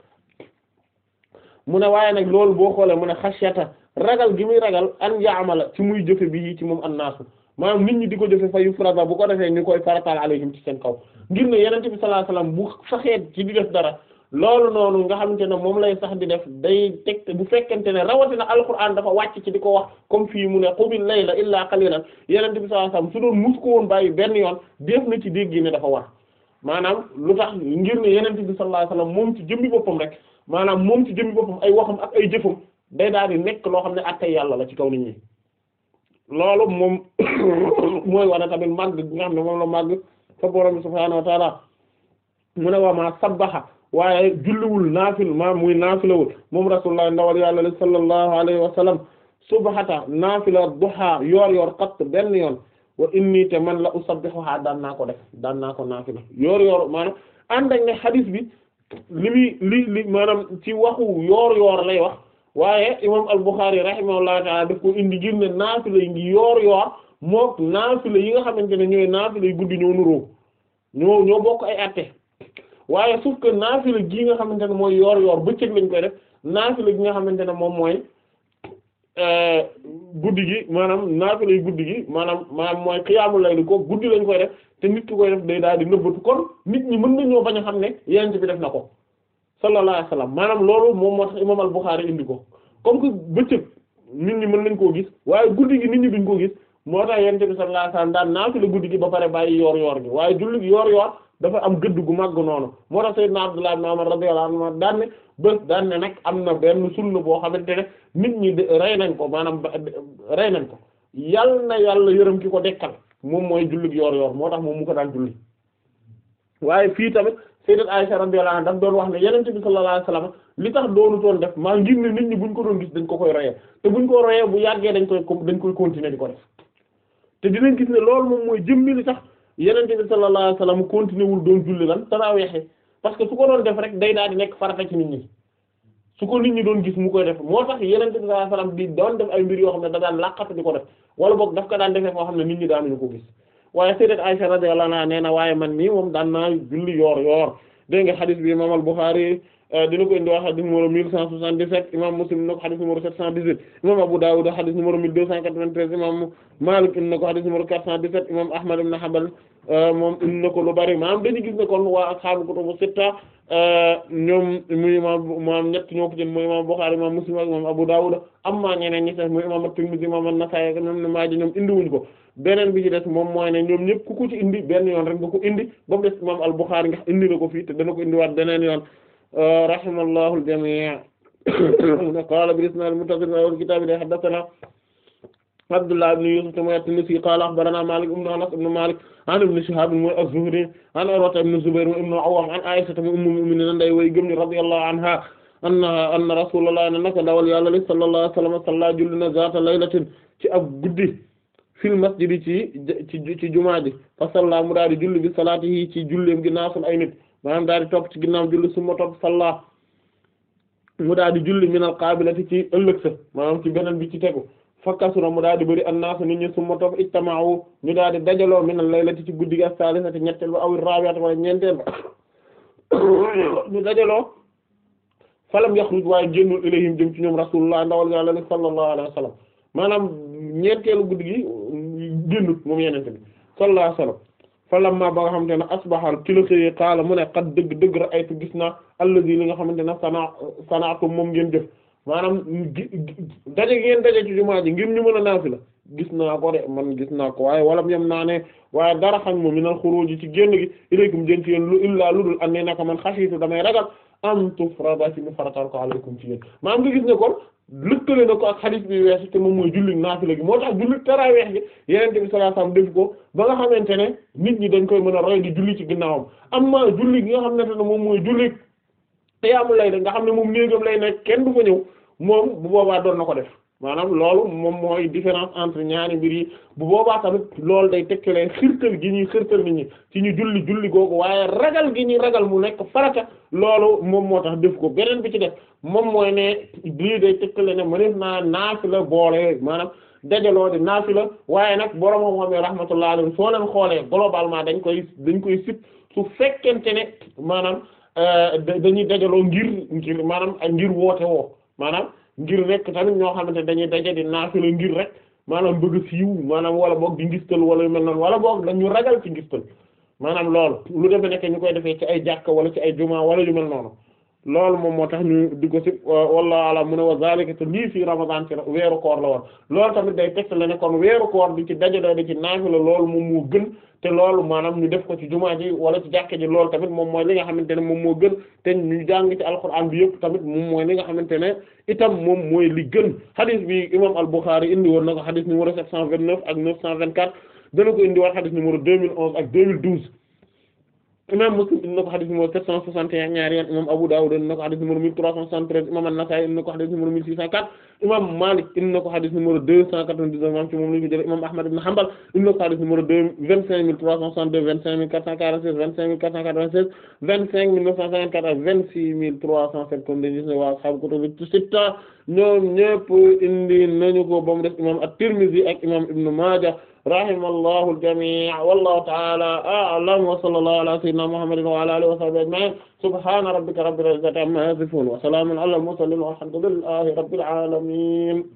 mu ne waaye nag loolu boo xoolee mu ne xasiyata ragal gi muy ragal an yaamala ci muy jëfe bi ci moom an naasu maanaam nit ñi di ko jëfe fa yu farata bu ko defee ñu koy farataal alayhim ci seen kaw ngir ne yeneen bi sallallahu alayhi wasallam bu saxeet ci di def dara loolu noonu nga xamante ne moom lay sax di def day bu fekkente ne rawatina alquran dafa wàcc ci di ko wax comme fii mu ne xubil layla illaa qalilan yenente bi sallallahu alayhi wasallam su doon mus ko woon bàyyi benn yoon def na ci dégg ne dafa war maanaam lu tax ngir ne yenente bi sallallahu alayhi wasallam moom ci boppam rek maanaam moom ci jëmmi boppam ay waxam ak ay di nekk loo xam ne attey yàlla la ci kaw nit ñi loolu moom mooy tamit màgg nga xam ne moom la màgg fa borom bi subhaanahu wa ta'ala mu ne waa ma sabbaha waaye julliwul naafil maam muy naafilawul moom rasulullah ndawal yàlla li sallallahu alayhi wa sallam subhata naafila duha yoor yoor xatt benn yoon wa inni te man la usabbihuha daan naa ko def daan naa ko naafila yoor yoor maanaam ànd ne xadis bi li muy li li maanaam ci waxu yoor yoor lay wax waaye imam al-Bukhari rahimahullahu ta'ala daf ko indi ngir naafila yi yoor yoor mook naafila yi nga xamante ne ñooy naafila yi guddi ñoo nuroo ñoo ñoo bokk ay atte waaye sauf que naafila gi nga xamante ne mooy yoor yoor bëccëg lañ koy def la gi nga xamante ne moom mooy euh, guddi gi maanaam naafila lay guddi gi maanaam maanaam mooy xiyaamul layli ko guddi lañ koy def te nit ki koy def day daal di nëbbatu kon nit ñi mën nañoo bañ a xam ne yent bi def na ko sallallahu alayhi wasallam maanaam loolu moom moo tax imam al-Bukhari indi ko comme que bëccëg nit ñi mën nañ koo gis waaye guddi gi nit ñi duñ ko gis moo tax yent bi sallallahu alayhi wasallam daan naafila guddi gi ba pare bàyyi yoor yoor gi waaye julli gi yoor yoor dafa am gëdd gu màgg noonu moo tax sayyidna Abdullah ibn Umar radiyallahu anhuma daan ne bés daan ne nag am na benn sunna boo xamante nit ñi rey nañ ko maanaam rey nañ ko yal na yàlla yërëm ki ko dekkal moom mooy julli yoor yoor moo tax moom mu ko daan julli waaye fii tamit sayyidat Aisha radiyallahu anha daf doon wax ne yonent bi sallallahu alayhi wasallam li tax doonu toon def maa ngir ne nit ñi buñ ko doon gis dañ ko koy royee te buñ ko royee bu yàggee dañ koy dañ koy continuer di ko def te dinañ loolu moom mooy jëmmi li tax yenente bi sallallahu alayhi wasallam continué wul doon julli lan taraweexe parce que su ko doon def rek day daal di nekk farata ci nit ñi su ko nit ñi doon gis mu koy def moo tax yenente bi sallallahu alayhi wasallam di doon def ay mbir yoo xam ne da daan làqatu di ko def wala boog daf ko daan defee foo xam ne nit ñi daanuñu ko gis waaye sayyidat Aisha radiyallahu anha nee na waaye man mii moom daan naa julli yoor yoor dégg nga xadis bi imam al Euh, dina ko indiwaat xadis numéro 1177 imam Muslim na ko xadis numéro imam Abu xadis numéro 1293 imam Malik na ko xadis imam Ahmad ibn Hanbal euh, moom indi na ko lu bari maanaam dañu gis ne kon waa ashabu kutubu sitta euh, ñoom imam maam ñett ñoo ko jël Muslim ak imam Abu Dawud amma ñeneen ñi sax muy imam at-Tirmidhi imam an-Nasa'i ak imam Maaja ñoom indiwuñ ko beneen bi moom mooy ne ñoom ñëpp ku ko ci indi benn yoon rek nga ko indi ba mu des imam yoon rahimallahu al-jamii' mu ne qaala bil-isnaad al-muttasil ilaa awwal kitaab li haddathanaa Abdullah ibn Yusuf mooy at-Tinnisi qaala akhbaranaa Maalik ibn Anas ibn Maalik an Ibn Shihaab mooy az-Zuhri an Urwa ibn Zubayr mooy ibn al-Awwaam an Aysata ummul mu'miniin nday way gëm ñi radiyallahu anhaa anna anna Rasuulullaah ne naka ndawal Yàlla li sallallaahu alayhi wa sallam salla julli na zaata laylatin ci ab guddi fil masjidi ci ci ci jumaa ji fa salla mu daal di julli bi salaatihi ci julleem gi naasun ay nit maanaam daal di topp ci ginnaaw julli suma topp salla mu daal di julli minal qaabilati ci ëllëg sa maanaam ci beneen bi ci tegu fakkasura mu daal di bëri annaasu nit ñi suma topp ijtama'u ñu daal di dajaloo minal laylati ci guddi gi as-saalisati ñetteel ba aw raabi'ati wala ñeenteel ba ñu dajaloo falam yaxruj waaye génnul ilayhim jëm ci ñoom rasulullah ndawal yàlla la sallallahu alayhi wa sallam maanaam ñeenteelu guddi gi génnut moom yenente bi sallallahu alayhi wa falamma ba nga xamante ne asbaha ci la xëyee qaala mu ne qad dëgg dëgg ra'aytu gis naa allazi li nga xamante ne sana sanaatu moom ngeen jëf maanaam daje ngeen daje ci jumaa ji ngir ñu naafila gis naa ko de man gis naa ko waaye walam yam naa ne waaye dara xañ moom minal xuruuji ci génn gi ilaykum jën ci yéen lu illaa ludul an ne naka man xasiitu damay ragal am tufrada ci ñu faratal ko alaykum ci yéen maanaam nga kon lëkkale na ko ak xadis bi weesu te moom mooy julli naafila gi moo tax julli taraweex gi yenente bi sallallahu alayhi wasallam def ko ba nga xamante ne nit ñi dañ koy mën a roy di julli ci ginnaawam amma julli gi nga xam ne moom mooy te julli qiyaamul layl nga xam ne moom néegam lay nekk kenn du ko ñëw moom bu boobaa doon na ko def maanaam loolu moom mooy différence entre ñaari mbir yi bu boobaa tamit loolu day tekkale xirtal gi ñuy xirtal nit ñi ci ñu julli julli googu waaye ragal gi ñuy ragal mu nekk farata loolu moom moo tax def ko beneen bi ci def moom mooy ne lii day tekkale ne mënees naa naafi la boole maanaam dajaloo di naafi la waaye nag borom xam-xam yi rahmatullah alayhi soo leen xoolee globalement dañ koy dañ koy sip su fekkente ne maanaam euh, dañuy dajaloo ngir ngir maanaam ngir woote woo ngir rekk tamit ñoo xamante ne dañuy daje di naafila ngir rek maanaam bëgg a siiw maanaam wala boog di ngistal wala yu mel noonu wala boog dañu ragal ci ngistal maanaam loolu lu dem demee nekk ñu koy defee ci ay jàkka wala ci ay juma wala yu mel noonu loolu moom moo tax ñu di ko ci wallahu alam mu ne wa zalika lii fii ramadan ci weeru koor la woon loolu tamit day tegte la ne kon weeru koor di ci dajaloo di ci naafila loolu moom moo gën te loolu maanaam ñu def ko ci jumaa ji wala ci jàkke ji loolu tamit moom mooy li nga xamante ne moom moo gën te ñu jàng ci alquran bi yëpp tamit moom mooy li nga xamante ne itam moom mooy li gën hadith bi imam al-Bukhari indi woon na ko hadith numéro 729 ak 924 dana ko imam Muslim indi na ko xadis numéro sept cent soixante et un ñaari yoon imam Abu Dawud indi na ko xadis numéro mille trois cent soixante imam An-Nasa'i ko xadis numéro mille six cent quatre imam Malik indi ko xadis numéro deux cent quatre-vingt-dix-neuf imam ci ko jëlee imam deux vingt-cinq mille trois cent deux vingt-cinq mille quatre cent quarante-six vingt-cinq mille quatre cent quatre vingt vingt-cinq mille neuf cent cinquante-quatre vingt-six mille trois cent sept ñoom ñëpp indi nañu ko ba mu def imam at-Tirmidhi ak imam Ibn Maaja rahimallahu al-jamii' wallahu ta'ala a'lam wa sallallahu ala sayyidina Muhammadin wa ala alihi wa sahbihi ajma'in subhana rabbika rabbil izzati amma yasifun wa salamun ala al-mursalin walhamdulillahi rabbil alamin